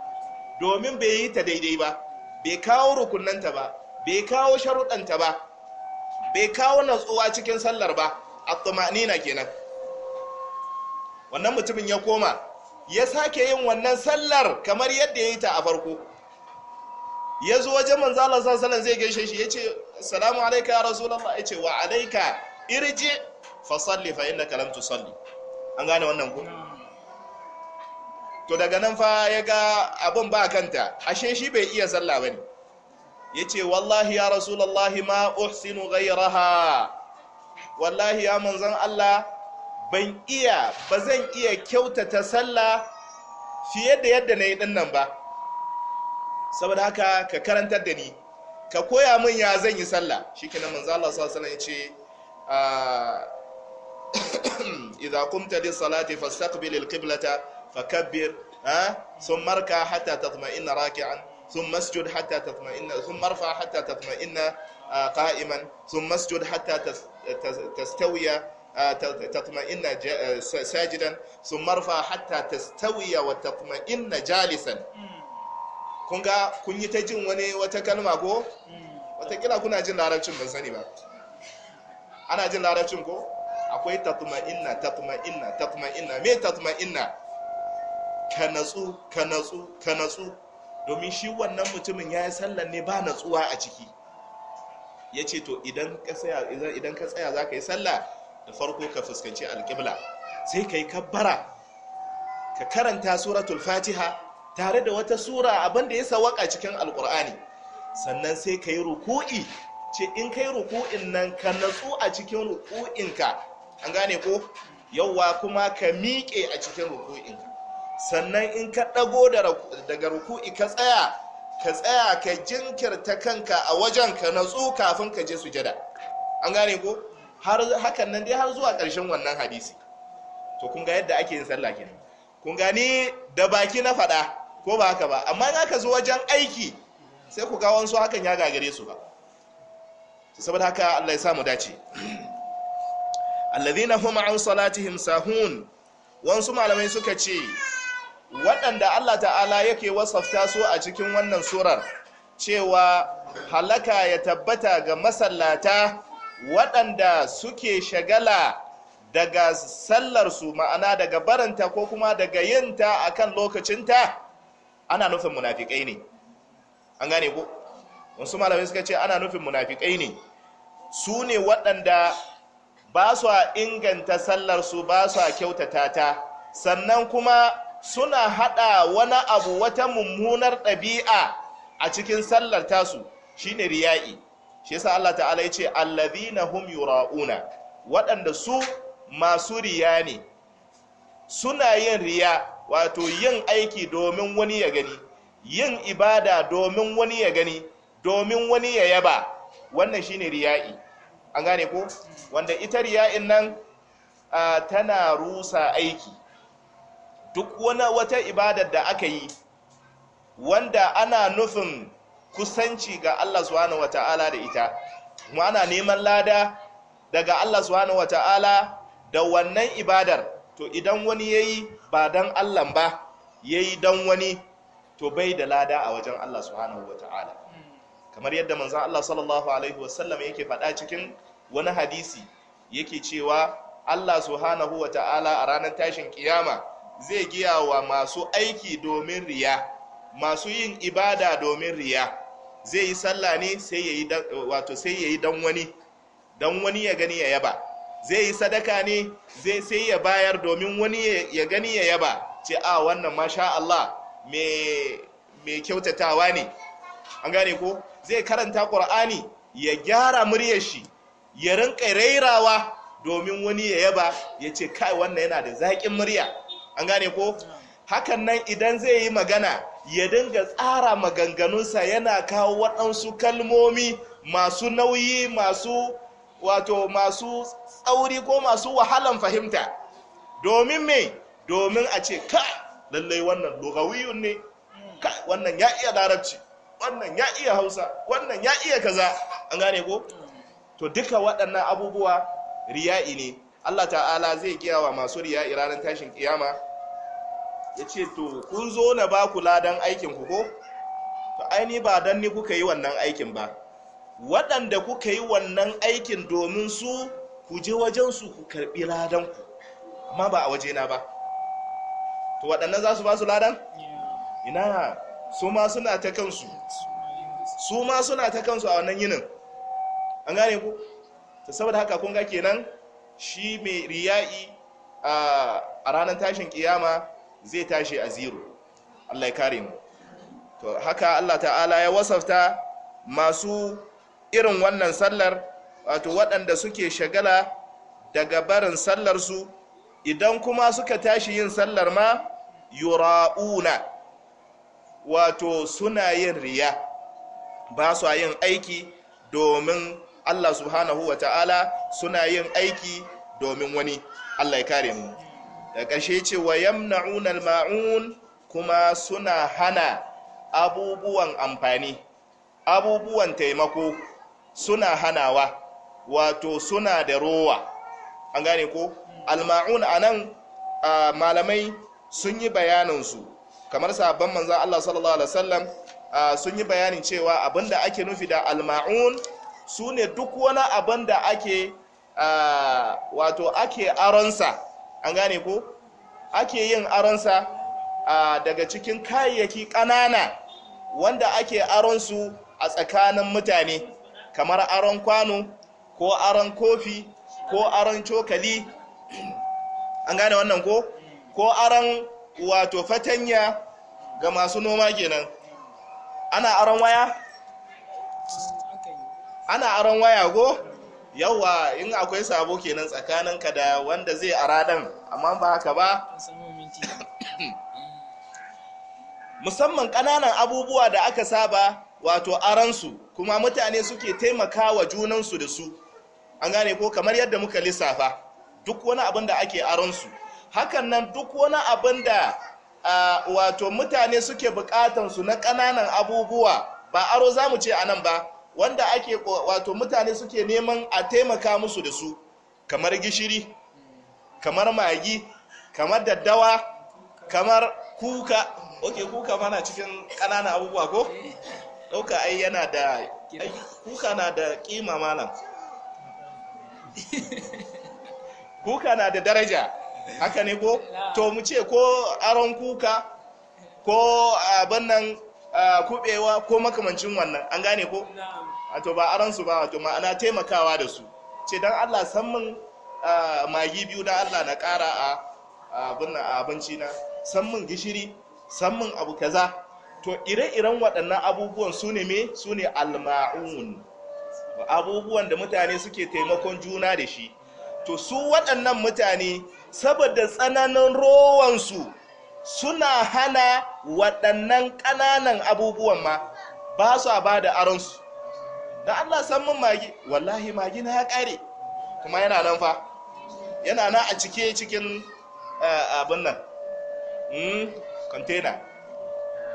domin bai yi ta daidai ba bai kawo rukunanta ba bai kawo sharuɗanta ba bai kawo natsuwa cikin sallar ba a tumanina kenan wannan mutumin ya koma ya sake yin wannan sallar kamar yadda ya yi ta a farko ya zo wajen manzala sassanan zai gaishe shi ya ce salamu alaika ya rasulallah ya ce wa alaika irji fasalli fa da kalam salli. an gane wannan ku to daga nan fa ya ga abin ba kanta ashe shi bai iya sallah ba ne ya ce wallahi ya rasulallah ma uhsinu gairaha wallahi ya manzan Allah ban iya ba zan iya kyautata sallah fiye da yadda na yi dinnan ba saboda haka ka karantar da ni ka koya min ya zan yi sallah shi kenan manzan Allah sallallahu alaihi ce ah, idza qumta lis salati fastaqbil al-qiblata فكبر ثم اركع حتى تطمئن راكعا ثم اسجد حتى تطمئن ثم ارفع حتى تطمئن آه، قائما ثم اسجد حتى تستوي آه، تطمئن آه، ساجدا ثم ارفع حتى تستوي وتطمئن جالسا كونغا كوني تجين وني وتكلم اكو وتكلا كنا جين لارچن بن سني با انا جين لارچن كو اكو تطمئن تطمئن تطمئن مي تطمئن ka natsu ka natsu ka natsu domin shi wannan mutumin ya yi sallan ne ba natsuwa a ciki ya ce to idan ka tsaya za ka yi sallah da farko ka fuskanci alƙibla sai ka yi kabbara ka karanta suratul fatiha tare da wata sura abinda ya sawaka cikin alƙur'ani sannan sai ka yi ruku'i ce in kai ruku'in nan ka natsu a cikin ruku'inka an gane ko yauwa kuma ka miƙe a cikin ruku'inka sannan in ka ɗago daga ruku'i ka tsaya ka tsaya ka jinkirta kanka a wajen ka natsu kafin ka je sujada an gane ko hakan nan dai har zuwa ƙarshen wannan hadisi to kun ga yadda ake yin sallah kenan kun gani da baki na faɗa ko ba haka ba amma in aka zo wajen aiki sai ku ga wansu hakan ya gagare su ba saboda haka Allah ya sa mu dace alladhina hum an salatihim sahun wasu malamai suka ce waɗanda Allah ta'ala yake wasafta su a cikin wannan surar cewa halaka ya tabbata ga masallata waɗanda suke shagala daga sallarsu ma'ana daga baranta ko kuma daga yinta a kan lokacinta ana nufin munafikai ne an gane ku wasu malamai suka ce ana nufin munafikai ne su ne waɗanda ba su inganta sallarsu ba su kyautata ta sannan kuma suna hada wani abu wata mummunar ɗabi'a a cikin sallar tasu shine riya'i shi yasa Allah ta'ala yace allazina hum yura'una waɗanda su masu riya ne suna yin riya wato yin aiki domin wani ya gani yin ibada domin wani ya gani domin wani ya yaba wannan shine riya'i an gane ko wanda ita riya'in nan tana rusa aiki duk wani wata ibadar da aka yi wanda ana nufin kusanci ga Allah subhanahu wata'ala da ita kuma ana neman lada daga Allah subhanahu wata'ala da wannan ibadar to idan wani yayi ba dan Allah ba yayi don wani to bai da lada a wajen Allah subhanahu wata'ala kamar yadda manzon Allah sallallahu alaihi wasallam yake faɗa cikin wani hadisi yake cewa Allah subhanahu wata'ala a ranar tashin kiyama zai giya wa masu aiki domin riya masu yin ibada domin riya zai yi sallah ne sai yayi wato sai dan wani dan wani ya gani ya yaba zai yi sadaka ne zai sai ya bayar domin wani ya gani ya yaba ce a ah, wannan masha Allah mai kyautatawa ne an gane ko zai karanta ƙur'ani ya gyara muryar shi ya rinka rairawa domin wani ya yaba ya ce kai wannan yana da zaƙin murya an gane ko hakan nan idan zai yi magana ya dinga tsara maganganunsa yana kawo waɗansu kalmomi masu nauyi masu wato masu tsauri ko masu wahalan fahimta domin me domin a ce ka lallai wannan dogawiyun ne ka wannan ya iya larabci wannan ya iya hausa wannan ya iya kaza an gane ko to duka waɗannan abubuwa riya'i ne Allah ta'ala zai giya wa masu riya iranin tashin kiyama ya ce to kun zo na ba ku ladan aikin ku ko to aini ba dan ni kuka yi wannan aikin ba waɗanda kuka yi wannan aikin domin su ku je wajen su ku karɓi ladan ku amma ba a waje na ba to waɗannan za su ba su ladan ina su ma suna ta kansu su ma suna ta kansu a wannan yinin an gane ku saboda haka kun ga kenan shi mai riya'i a ranar tashin kiyama zai tashi a zero Allah ya kare mu to haka Allah ta'ala ya wasafta masu irin wannan sallar wato waɗanda suke shagala daga barin sallar su, idan kuma suka tashi yin sallar ma yura'una wato suna yin riya ba su yin aiki domin Allah subhanahu wa ta'ala suna yin aiki domin wani Allah ya kare mu da ƙarshe ce wa yamna'un alma'un kuma suna hana abubuwan amfani abubuwan taimako suna hanawa wato suna da rowa an gane ko al-ma'un anan malamai sun yi bayaninsu kamar sabon manzan Allah sallallahu alaihi wasallam sun yi bayanin cewa abinda ake nufi da alma'un su ne duk wani abin da ake wato ake aronsa an gane ko ake yin aronsa daga cikin kayayyaki ƙanana wanda ake aronsu a tsakanin mutane kamar aron kwano ko aron kofi ko aron cokali an gane wannan ko ko aron wato fatanya ga masu noma kenan ana aron waya ana aron waya go yawa in akwai sabo kenan tsakaninka da wanda zai ara dan amma ba haka ba musamman ƙananan abubuwa da aka saba wato aransu kuma mutane suke taimakawa junansu da su an gane ko kamar yadda muka lissafa duk wani abin da ake aransu hakan nan duk wani abin da wato mutane suke bukatansu na ƙananan abubuwa ba aro za mu ce anan ba wanda ake wato mutane suke neman a taimaka musu da su kamar gishiri kamar magi kamar daddawa kamar kuka ok kuka mana cikin kanana abubuwa ko ɗauka ai yana da kuka na da kima malam kuka na da daraja haka ne ko to mu ce ko aron kuka ko abin nan kubewa ko makamancin wannan an gane ko to ba aran su ba to ma'ana taimakawa da su ce dan Allah san mun magi biyu da Allah na ƙara a abinci na san mun gishiri san mun abu kaza to ire-iren waɗannan abubuwan su ne me su ne alma'un abubuwan da mutane suke taimakon juna da shi to su waɗannan mutane saboda tsananin rowansu suna hana waɗannan ƙananan abubuwan ma ba su ba da aronsu Da allah san min magi wallahi magi na ya ƙare kuma yana nan fa yana nan a cike cikin eh, abin nan hmm, container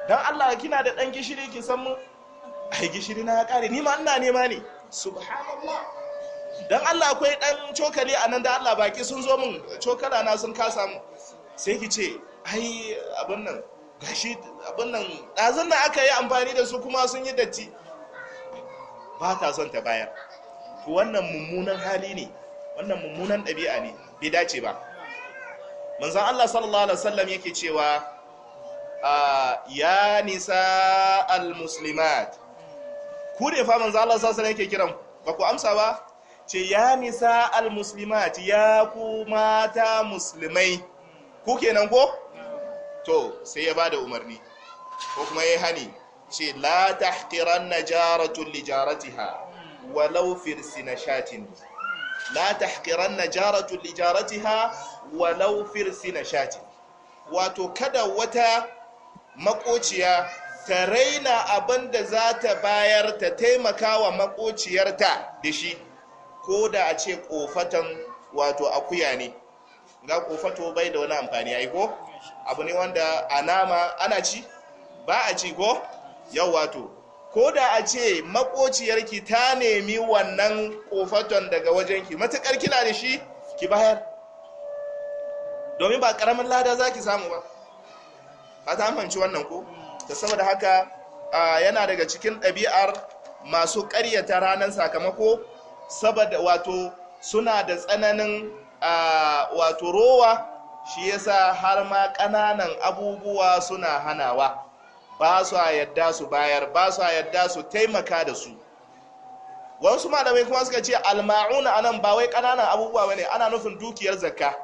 don allah kina da ɗan gishiri ki san mun ai gishiri na ya ƙare ni ma ina nema ne subhanallah don allah akwai ɗan cokali a nan da allah baki sun zo min cokala na sun kasa mu sai ki ce ai abin nan gashi abin nan ɗazun da aka yi amfani da su kuma sun yi datti ba ta son ta bayar to wannan mummunan hali ne wannan mummunan ɗabi'a ne bai dace ba manzan Allah sallallahu alaihi wasallam yake cewa ya nisa al-muslimat ku ne fa manzan Allah sallallahu alaihi yake kiran ba ku amsa ba ce ya nisa al-muslimat ya ku mata musulmai ku kenan ko to sai ya bada umarni ko kuma ya hani ce la na jaratun li jaratiha walau firsi na shatin la na jaratun li jaratiha walau firsi na shatin wato kada wata makociya ta raina abin da za ta bayar ta taimaka wa makociyarta da shi ko da a ce kofatan wato akuya ne ga kofato bai da wani amfani ya yi ko? abu ne wanda a nama ana ci ba a ci ko yau wato ko da a ce makociyarki ta nemi wannan kofaton daga wajenki matukar kina da shi ki bayar domin ba karamin lada za ki samu ba ba ta amince wannan ko da saboda haka yana daga cikin ɗabi'ar masu karyata ranar sakamako saboda wato suna da tsananin wato rowa shi yasa har ma ƙananan abubuwa suna hanawa ba su a yadda su bayar ba su a yadda su taimaka da su wasu malamai kuma suka ce alma'una anan ba wai ƙananan abubuwa bane ana nufin dukiyar zakka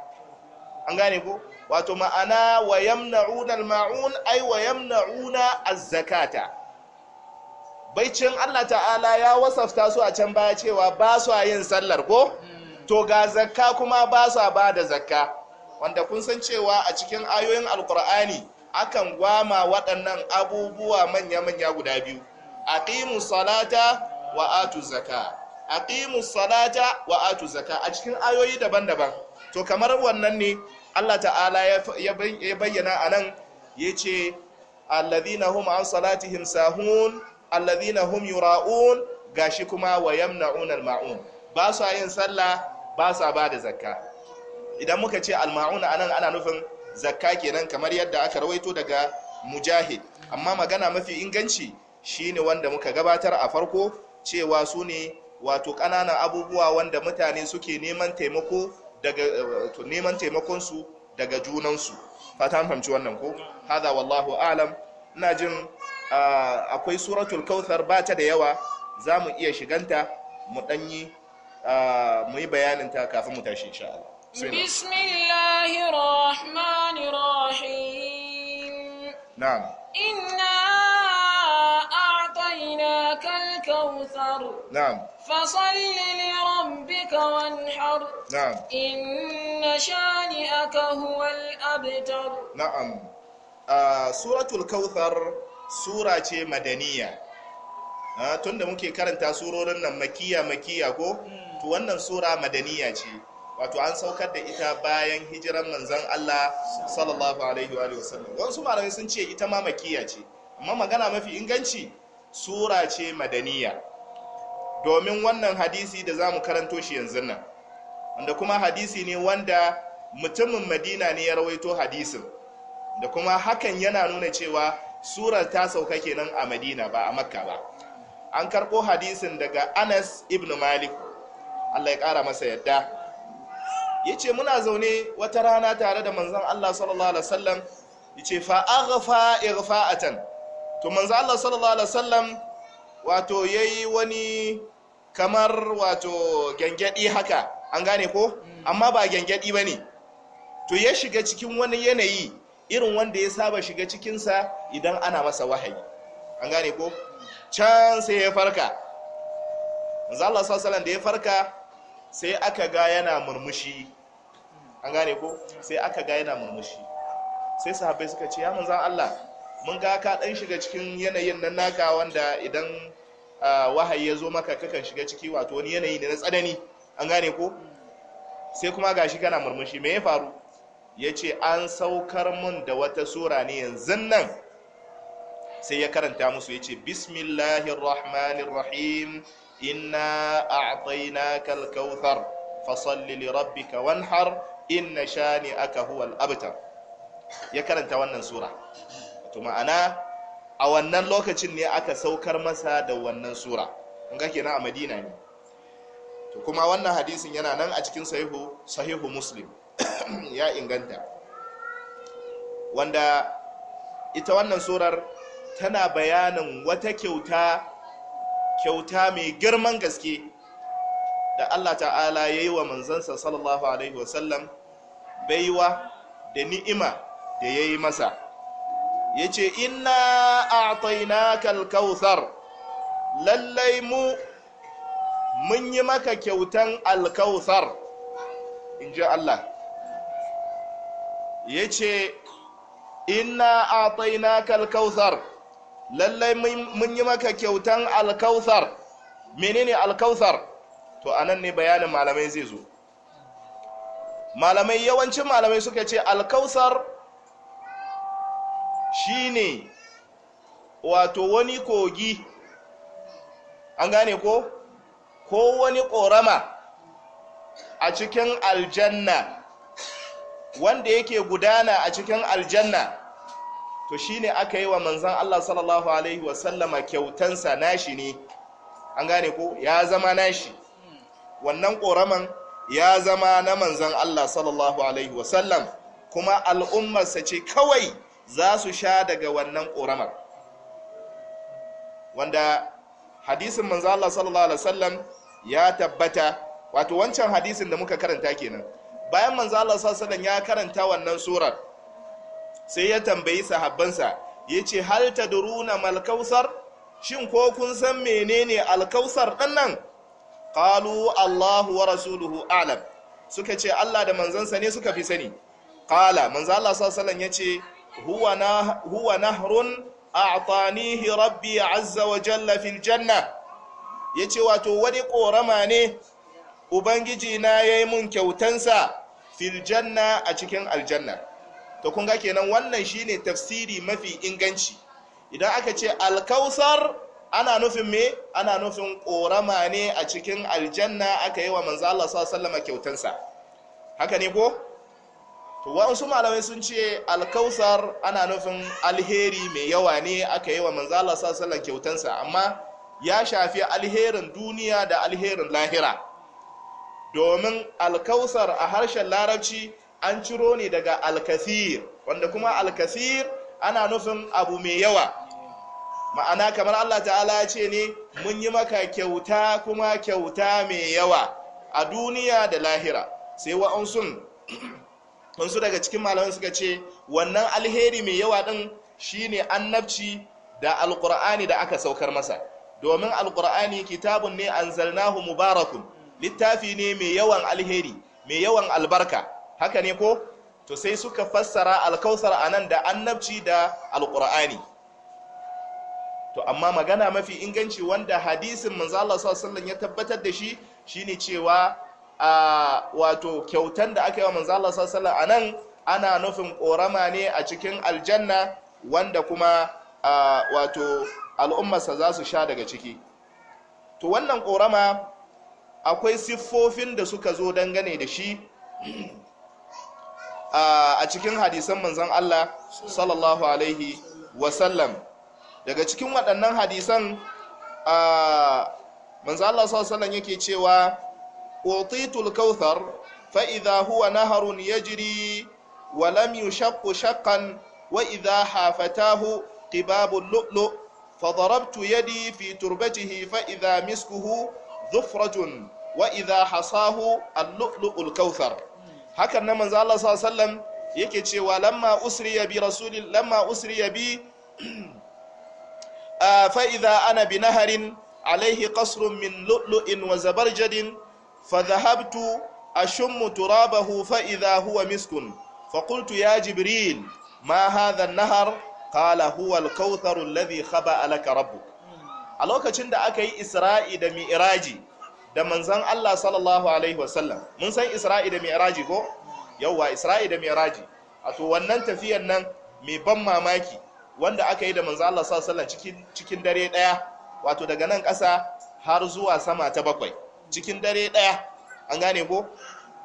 an gane ko wato ma'ana wa yamna'una alma'un ai wa yamna'una az-zakata baicin Allah ta'ala ya wasafta su a can baya cewa ba su yin sallar ko to ga zakka kuma ba su ba da zakka wanda kun san cewa a cikin ayoyin alkur'ani akan gwama waɗannan abubuwa manya-manya guda biyu aqimu salata wa atu zaka aqimu salata wa atu zaka a cikin ayoyi daban-daban to kamar wannan ne Allah ta'ala ya bayyana anan yace alladhina hum an salatihim sahun alladhina hum yura'un gashi kuma wa yamna'un al-ma'un ba sa yin sallah ba sa ba da zakka idan muka ce alma'una anan ana nufin zakka kenan kamar yadda aka rawaito daga mujahid amma magana mafi inganci shine wanda muka gabatar a farko cewa su ne wato ƙananan abubuwa wanda mutane suke neman taimako daga eh, neman taimakonsu daga junansu fata fahimci wannan ko hada wallahu alam ina jin akwai suratul kautsar ba ta da yawa za mu iya shiganta mu ɗanyi mu yi bayaninta kafin mu tashi insha بسم الله الرحمن الرحيم نعم إنا أعطيناك الكوثر نعم فصل لربك وانحر نعم إن شانئك هو الأبتر نعم آه سورة الكوثر سورة مدنية آه muke karanta surorin nan مكية makiya ko to wannan sura madaniya ce wato an saukar da ita bayan hijiran manzan Allah sallallahu alaihi wa sallam wasu malamai sun ce ita ma makiya ce amma magana mafi inganci sura ce madaniya domin wannan hadisi da zamu karanto shi yanzu nan wanda kuma hadisi ne wanda mutumin madina ne ya rawaito hadisin da kuma hakan yana nuna cewa surar ta sauka kenan a madina ba a makka ba an karɓo hadisin daga anas ibn malik allah ya ƙara masa yadda ya ce muna zaune wata rana tare da manzan Allah sallallahu alaihi wasallam ya ce a can to manzan Allah sallallahu alaihi wasallam wato yi wani kamar wato gyangyadi haka an gane ko mm. amma ba gyangyadi ne. to ya shiga cikin wani yanayi irin wanda ya saba shiga cikinsa idan ana masa wahayi an gane ko can sai ya farka Manzan Allah sallallahu da ya farka sai aka ga yana murmushi an gane ko sai aka ga yana murmushi sai sahabbai suka ce ya manzan Allah mun ga ka dan shiga cikin yanayin nan naka wanda idan wahayi ya zo maka kakan shiga ciki wato wani yanayi ne na tsanani an gane ko sai kuma gashi kana murmushi me ya faru ya ce an saukar mun da wata sura ne yanzu nan sai ya karanta musu ya ce bismillahirrahmanirrahim inna a'tainaka alkauthar fasalli li rabbika wanhar inna shani aka huwal abtar ya karanta wannan sura to ma'ana a wannan lokacin ne aka saukar masa da wannan sura in ga kenan a madina ne to kuma wannan hadisin yana nan a cikin sahihu sahihu muslim ya inganta wanda ita wannan surar tana bayanin wata kyauta kyauta mai girman gaske da Allah ta'ala ya yi wa manzansa sallallahu alaihi wasallam baiwa da ni'ima da ya yi masa ya ce ina a taina kalkautar lallai mu mun yi maka kyautan alkautar in ji Allah ya ce ina a taina kalkautar lallai mun yi maka kyautan alkautar menene alkautar to anan ne bayanin malamai zai zo malamai yawancin malamai suka ce alkausar shine wato wani kogi an gane ko ko wani ƙorama a cikin aljanna wanda yake gudana a cikin aljanna to shine aka yi wa manzan Allah sallallahu alaihi wasallama kyautansa nashi ne an gane ko ya zama nashi wannan ƙoraman ya zama na manzan Allah sallallahu alaihi wasallam kuma al'ummarsa ce kawai za su sha daga wannan ƙoramar wanda hadisin manzan Allah sallallahu alaihi wasallam ya tabbata wato wancan hadisin da muka karanta kenan bayan manzan Allah sallallahu alaihi wasallam ya karanta wannan surar sai ya tambayi sahabbansa ya ce hal ta duruna malkausar shin ko kun san menene alkausar ɗannan qalu Allahu wa rasuluhu a'lam suka ce Allah da manzansa ne suka fi sani qala manzo Allah sallallahu yace huwa na huwa nahrun a'tanihi rabbi azza wa jalla fil janna yace wato wani korama ne ubangiji na yayi mun kyautansa fil janna a cikin aljanna to kun ga kenan wannan shine tafsiri mafi inganci idan aka ce alkausar ana nufin me ana nufin korama ne a cikin aljanna aka yi wa manzo Allah sallama kyautansa haka ne ko to wasu malamai sun ce alkausar ana nufin alheri mai yawa ne aka yi wa manzo Allah sallama kyautansa amma ya shafi alherin duniya da alherin lahira domin alkausar a harshen larabci an ciro ne daga alkasir wanda kuma alkasir ana nufin abu mai yawa ma'ana kamar Allah ta'ala ya ce ne mun yi maka kyauta kuma kyauta mai yawa a duniya da lahira sai unsun su daga cikin malamai suka ce wannan alheri mai yawa din shine annabci da alqur'ani da aka saukar masa domin alqur'ani kitabun ne anzalnahu mubarakun littafi ne mai yawan alheri mai yawan albarka haka ne ko to sai suka fassara alkausar anan da annabci da alqur'ani to amma magana mafi inganci wanda hadisin manzo Allah sallallahu ya tabbatar da shi shine cewa a wato kyautan da aka yi wa manzo Allah sallallahu a nan ana nufin korama ne a cikin aljanna wanda kuma wato al'ummarsa za su sha daga ciki to wannan korama akwai siffofin da suka zo dangane da shi a cikin hadisan manzon Allah sallallahu alaihi wasallam daga cikin waɗannan hadisan a manzo Allah sallallahu yake cewa utitul Kautar, fa idha huwa naharun yajri wa lam yushaqqu shaqqan wa idha hafatahu qibabul lu'lu fa darabtu yadi fi turbatihi fa idha miskuhu dhufratun wa idha hasahu al-lu'lu'ul kauthar hakan nan manzo Allah sallallahu alaihi wasallam yake cewa lamma usriya bi rasulil lamma usriya bi فإذا أنا بنهر عليه قصر من لؤلؤ وزبرجد فذهبت أشم ترابه فإذا هو مسك فقلت يا جبريل ما هذا النهر قال هو الكوثر الذي خبأ لك ربك a lokacin da aka yi isra'i da mi'iraji da manzan Allah sallallahu alaihi wasallam mun san isra'i da mi'iraji ko yauwa isra'i da mi'iraji a to wannan tafiyan nan mai ban mamaki wanda aka yi da manzo Allah sallallahu alaihi cikin cikin dare daya wato daga nan ƙasa har zuwa sama ta bakwai cikin dare daya an gane ko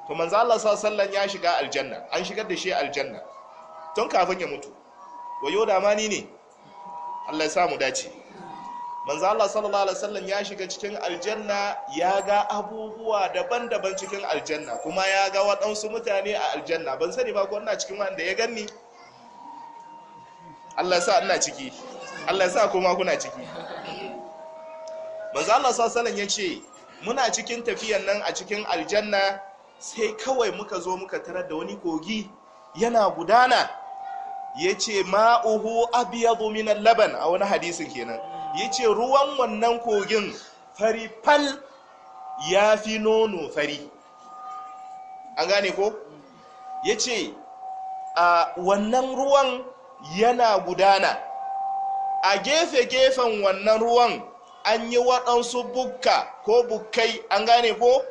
to manzo Allah sallallahu ya shiga aljanna an shigar da shi aljanna tun kafin ya mutu wayo da mani ne Allah ya sa mu dace manzo Allah sallallahu alaihi wasallam ya shiga cikin aljanna ya ga abubuwa daban-daban cikin aljanna kuma ya ga waɗansu mutane a aljanna ban sani ba ko ina cikin wanda ya ganni Allah sa ina ciki Allah sa kuma kuna ciki manzo Allah sallallahu ya ce muna cikin tafiyan nan a cikin aljanna sai kawai muka zo muka tarar da wani kogi yana gudana yace ce ma'uhu min al laban a wani hadisin kenan yace ruwan wannan kogin fari fal ya fi nono fari an gane ko yace ce a wannan ruwan yana gudana a gefe-gefen wannan ruwan an yi waɗansu bukka ko bukkai an gane ko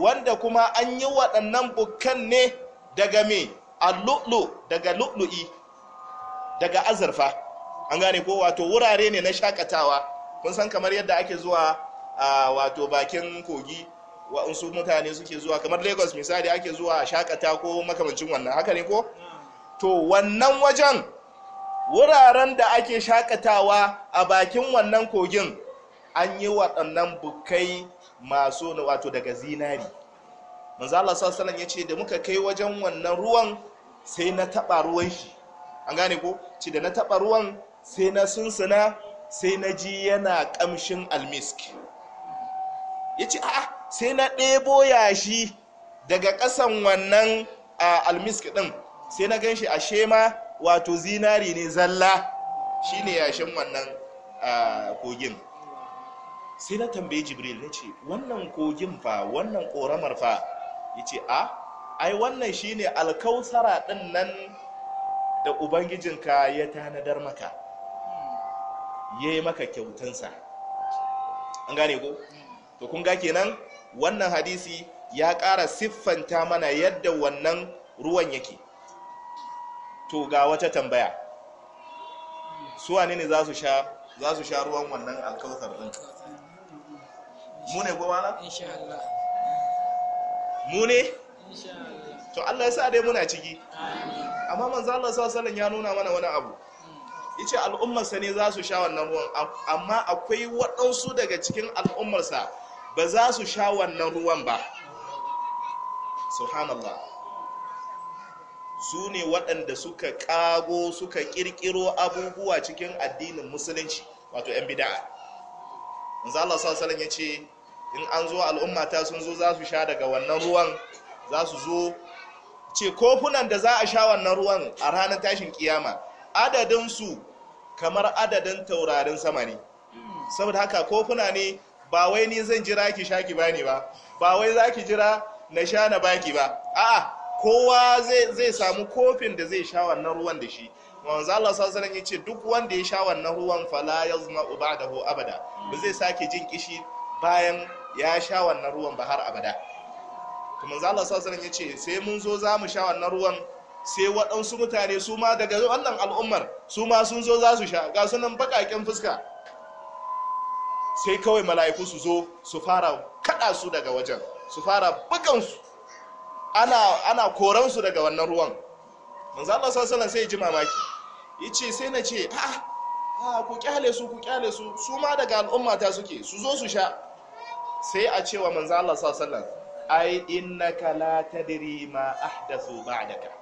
wanda kuma an yi waɗannan bukkan ne daga me a lu'lu daga lu'lu'i daga azurfa an gane ko wato wurare ne na shakatawa kun san kamar yadda ake zuwa a wato bakin kogi wa'ansu mutane suke zuwa kamar lagos misali ake zuwa a shakata ko makamancin wannan haka ne ko to wannan wajen wuraren da ake shakatawa a bakin wannan kogin an yi waɗannan bukai masu wato daga zinari manzo Allah sallallahu ya ce da muka kai wajen wannan ruwan sai na taɓa ruwan shi an gane ko ce da na taɓa ruwan sai na sunsuna sai na ji yana ƙamshin almisk ya ce a'a sai na ɗebo yashi daga ƙasan wannan almisk ɗin sai na gan shi a shema wato zinari ne zalla shine yashin wannan kogin sai na tambaye jibril na ce wannan kogin fa wannan ƙoramar fa ya ce a ai wannan shine alkausara ɗin nan da ubangijinka ya tanadar maka ya yi maka kyautansa an gane ko to kun ga kenan wannan hadisi ya ƙara siffanta mana yadda wannan ruwan yake to ga wata tambaya su wane ne za su sha ruwan wannan alkawar ɗin mu ne gobana? mu ne? to Allah ya sa dai muna ciki amma manzo Allah salin ya nuna mana wani abu yace al'ummarsa ne za su sha wannan ruwan amma akwai waɗansu daga cikin al'ummarsa ba za su sha wannan ruwan ba subhanallah su ne waɗanda suka ƙago suka ƙirƙiro abubuwa cikin addinin musulunci wato 'yan bida'a manzo Allah sallallahu ya ce in an zo al'ummata sun zo za su sha daga wannan ruwan za su zo ce kofunan da za a sha wannan ruwan a ranar tashin kiyama adadinsu kamar adadin taurarin sama ne saboda haka kofuna ne ba wai ni zan jira ki sha ki bani ba ba wai za ki jira na sha na baki ba a'a kowa zai samu kofin da zai sha wannan ruwan da shi wanzu Allah sallallahu alaihi yace duk wanda ya sha wannan ruwan fala yazma'u ba'dahu abada ba zai sake jin kishi bayan ya sha wannan ruwan ba har abada to manzo Allah sallallahu yace sai mun zo za mu sha wannan ruwan sai waɗansu mutane su ma daga wannan al'ummar su ma sun zo za su sha ga sunan baƙaƙen fuska sai kawai mala'iku su zo su fara kaɗa su daga wajen su fara bugansu ana koransu daga wannan ruwan manzo Allah sallallahu alaihi sai ji mamaki yace sai na ce a a ku kyale su ku kyale su su ma daga al'umma ta suke su zo su sha sai a cewa manzo Allah sallallahu alaihi ai innaka la tadri ma ahdathu ba'daka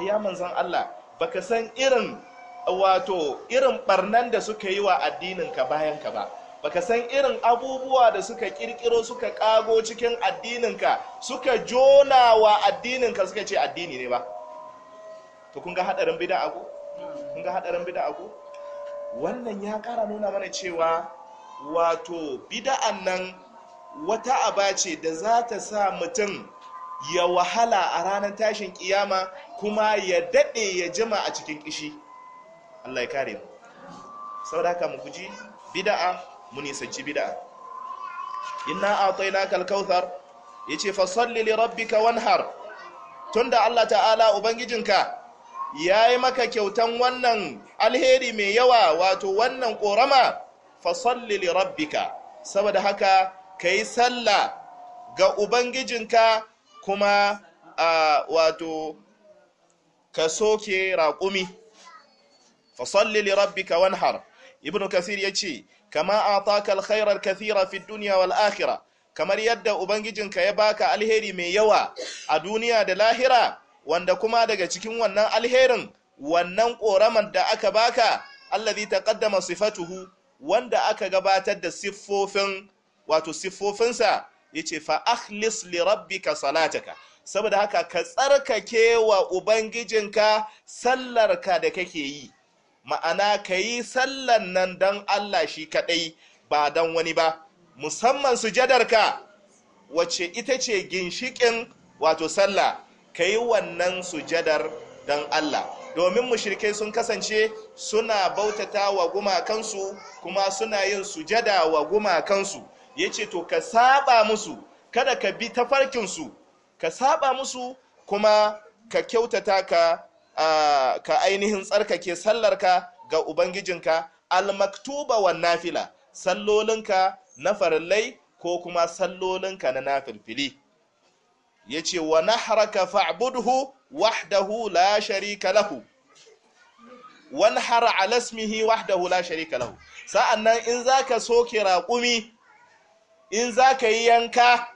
ayya manzon Allah baka san irin wato irin ɓarnan da suka yi wa addininka bayan ka ba baka san irin abubuwa da suka kirkiro suka kago cikin addininka suka jonawa addininka suka ce addini ne ba to kun ga hadarin bid'a ko kun ga hadarin bid'a wannan ya kara nuna mana cewa wato bida'an nan wata aba ce da za ta sa mutum ya wahala a ranar tashin kiyama kuma ya dade ya jima a cikin kishi Allah ya kare mu Sau da haka mu guji bida'a. mu nisanci bid'a inna a'tainaka kauthar yace fa salli li rabbika wanhar tunda Allah ta'ala ubangijinka yayi maka kyautan wannan alheri mai yawa wato wannan korama fa salli li rabbika saboda haka kai salla ga ubangijinka kuma a wato ka soke raƙumi fa salli li rabbika wanhar ibnu kasir yace kama ataka alkhairar kathira fi duniya wal akhirah kamar yadda ubangijinka ya baka alheri mai yawa a duniya da lahira wanda kuma daga cikin wannan alherin wannan koraman da aka baka allazi taqaddama sifatuhu wanda aka gabatar da siffofin wato siffofinsa yace fa akhlis li rabbika salataka saboda haka ka tsarkake wa ubangijinka sallarka da kake yi ma'ana ka yi sallan nan don Allah shi kaɗai ba don wani ba musamman sujadarka wace ita ce ginshiƙin wato sallah ka yi wannan sujadar don Allah domin mushrikai sun kasance suna bautata wa gumakansu kuma suna yin sujada wa gumakansu ya ce to ka saba musu kada ka bi tafarkinsu ka saba musu kuma ka kyautata ka ka ainihin tsarkake sallarka ga ubangijinka almaktuba wa nafila sallolinka na farillai ko kuma sallolinka na nafilfili ya ce wa na naharaka fa'budhu wahdahu la sharika lahu wanhar lasmihi wahdahu la sharika lahu sa'annan in zaka soke raƙumi in zaka yi yanka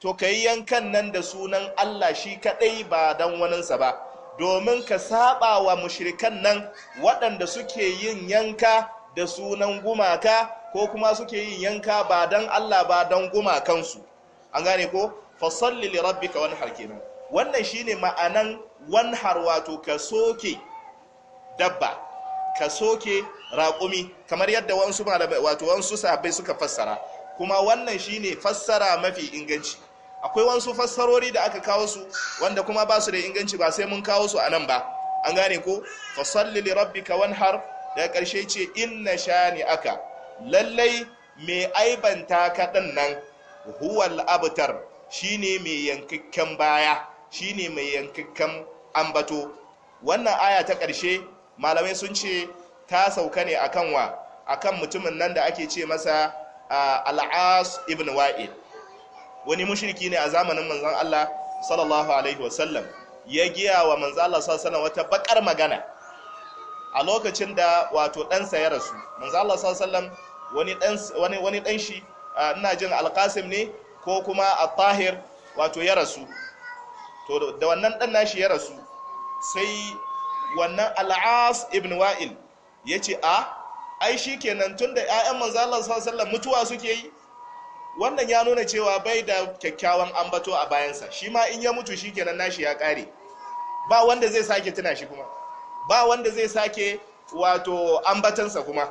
to kai yankan nan da sunan Allah shi kaɗai ba dan waninsa ba domin ka saba wa mushrikan nan waɗanda suke yin yanka da sunan gumaka ko kuma suke yin yanka ba don Allah ba don gumakansu an gane ko fasalli li rabbika harki nan wannan shine ma'anan har wato ka soke dabba ka soke raƙumi kamar yadda wasu wato wasu sahabbai suka fassara kuma wannan shine fassara mafi inganci akwai wasu fassarori da aka kawo su wanda kuma ba su da inganci ba sai mun kawo su a nan ba an gane ko fasalli li rabbika wanhar daga ƙarshe ce inna shani aka lallai mai aibanta kaɗan nan huwal abtar shine mai yankakken baya shine mai yankakken ambato wannan aya ta karshe, malamai sun ce ta sauka ne akan wa akan mutumin nan da ake ce masa al'as ibn wa'il wani mushriki ne a zamanin manzon Allah sallallahu alaihi wasallam ya giya wa manzon Allah sallallahu alaihi wata bakar magana a lokacin da wato ɗansa ya rasu manzon Allah sallallahu alaihi wani wani ɗan shi ina jin alqasim ne ko kuma at-tahir wato ya rasu to da wannan ɗan nashi ya rasu sai wannan al'as ibn wa'il ya ce a ah, ai shi kenan tun da 'ya'yan manzon Allah sallallahu alaihi wasallam mutuwa suke yi wannan ya nuna cewa bai da kyakkyawan ambato a bayansa shi ma in ya mutu shi kenan nashi ya kare ba wanda zai sake tuna shi kuma ba wanda zai sake wato ambatansa kuma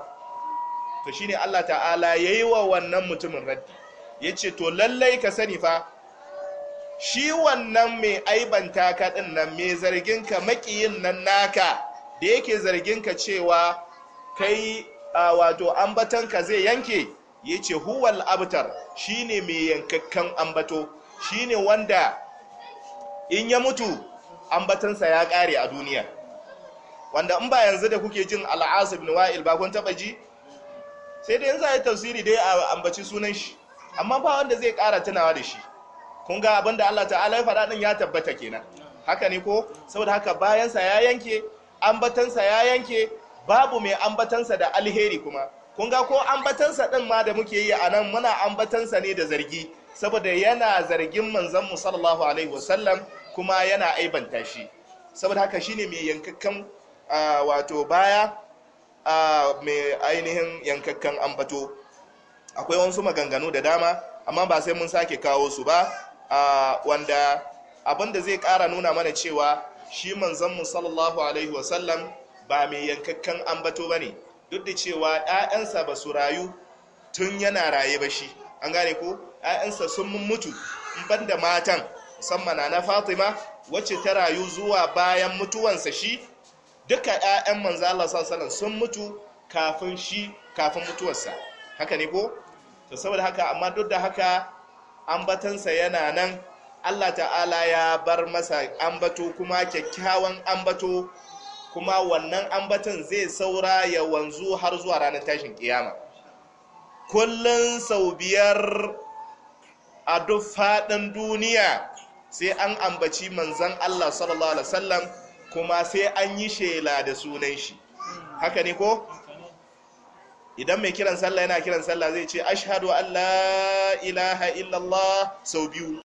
to shine Allah ta'ala yayi wa wannan mutumin raddi yace to lallai ka sani fa shi wannan mai aibanta ka din nan mai zargin ka makiyin nan naka da yake zargin ka cewa kai wato ambatanka zai yanke ya ce huwal abtar shine mai yankakkan ambato shine wanda in ya mutu ambatansa ya kare a duniya wanda in ba yanzu da kuke jin al'asa bin wa'il ba kun taba ji sai dai in za a yi tafsiri dai a ambaci sunan shi amma ba wanda zai kara tunawa da shi kun ga abin da Allah ta'ala ya faɗa ya tabbata kenan haka ne ko saboda haka bayansa ya yanke ambatansa ya yanke babu mai ambatansa da alheri kuma kun ga ko ambatansa din ma da muke yi a nan muna ambatansa ne da zargi saboda yana zargin manzon mu sallallahu alaihi wasallam kuma yana aibanta shi saboda haka shine mai yankakkan wato baya mai ainihin yankakkan ambato akwai wasu maganganu da dama amma ba sai mun sake kawo su ba wanda abin da zai ƙara nuna mana cewa shi manzon mu sallallahu alaihi wasallam ba mai yankakkan ambato bane duk da cewa ‘ya'yansa ba su rayu tun yana raye ba shi an gane ko ‘ya'yansa sun mutu ban da matan musamman na fatima wacce ta rayu zuwa bayan mutuwansa shi duka ‘ya'yan manzo Allah sallallahu sun mutu kafin shi kafin mutuwarsa haka ne ko to saboda haka amma duk da haka ambatansa yana nan Allah ta'ala ya bar masa ambato kuma kyakkyawan ambato kuma wannan ambaton zai saura ya wanzu har zuwa ranar tashin kiyama kullum sau biyar a duk faɗin duniya sai an ambaci manzan Allah sallallahu alaihi wasallam kuma sai an yi shela da sunan shi haka ne ko idan mai kiran sallah yana kiran sallah zai ce ashadu an la ilaha illallah sau biyu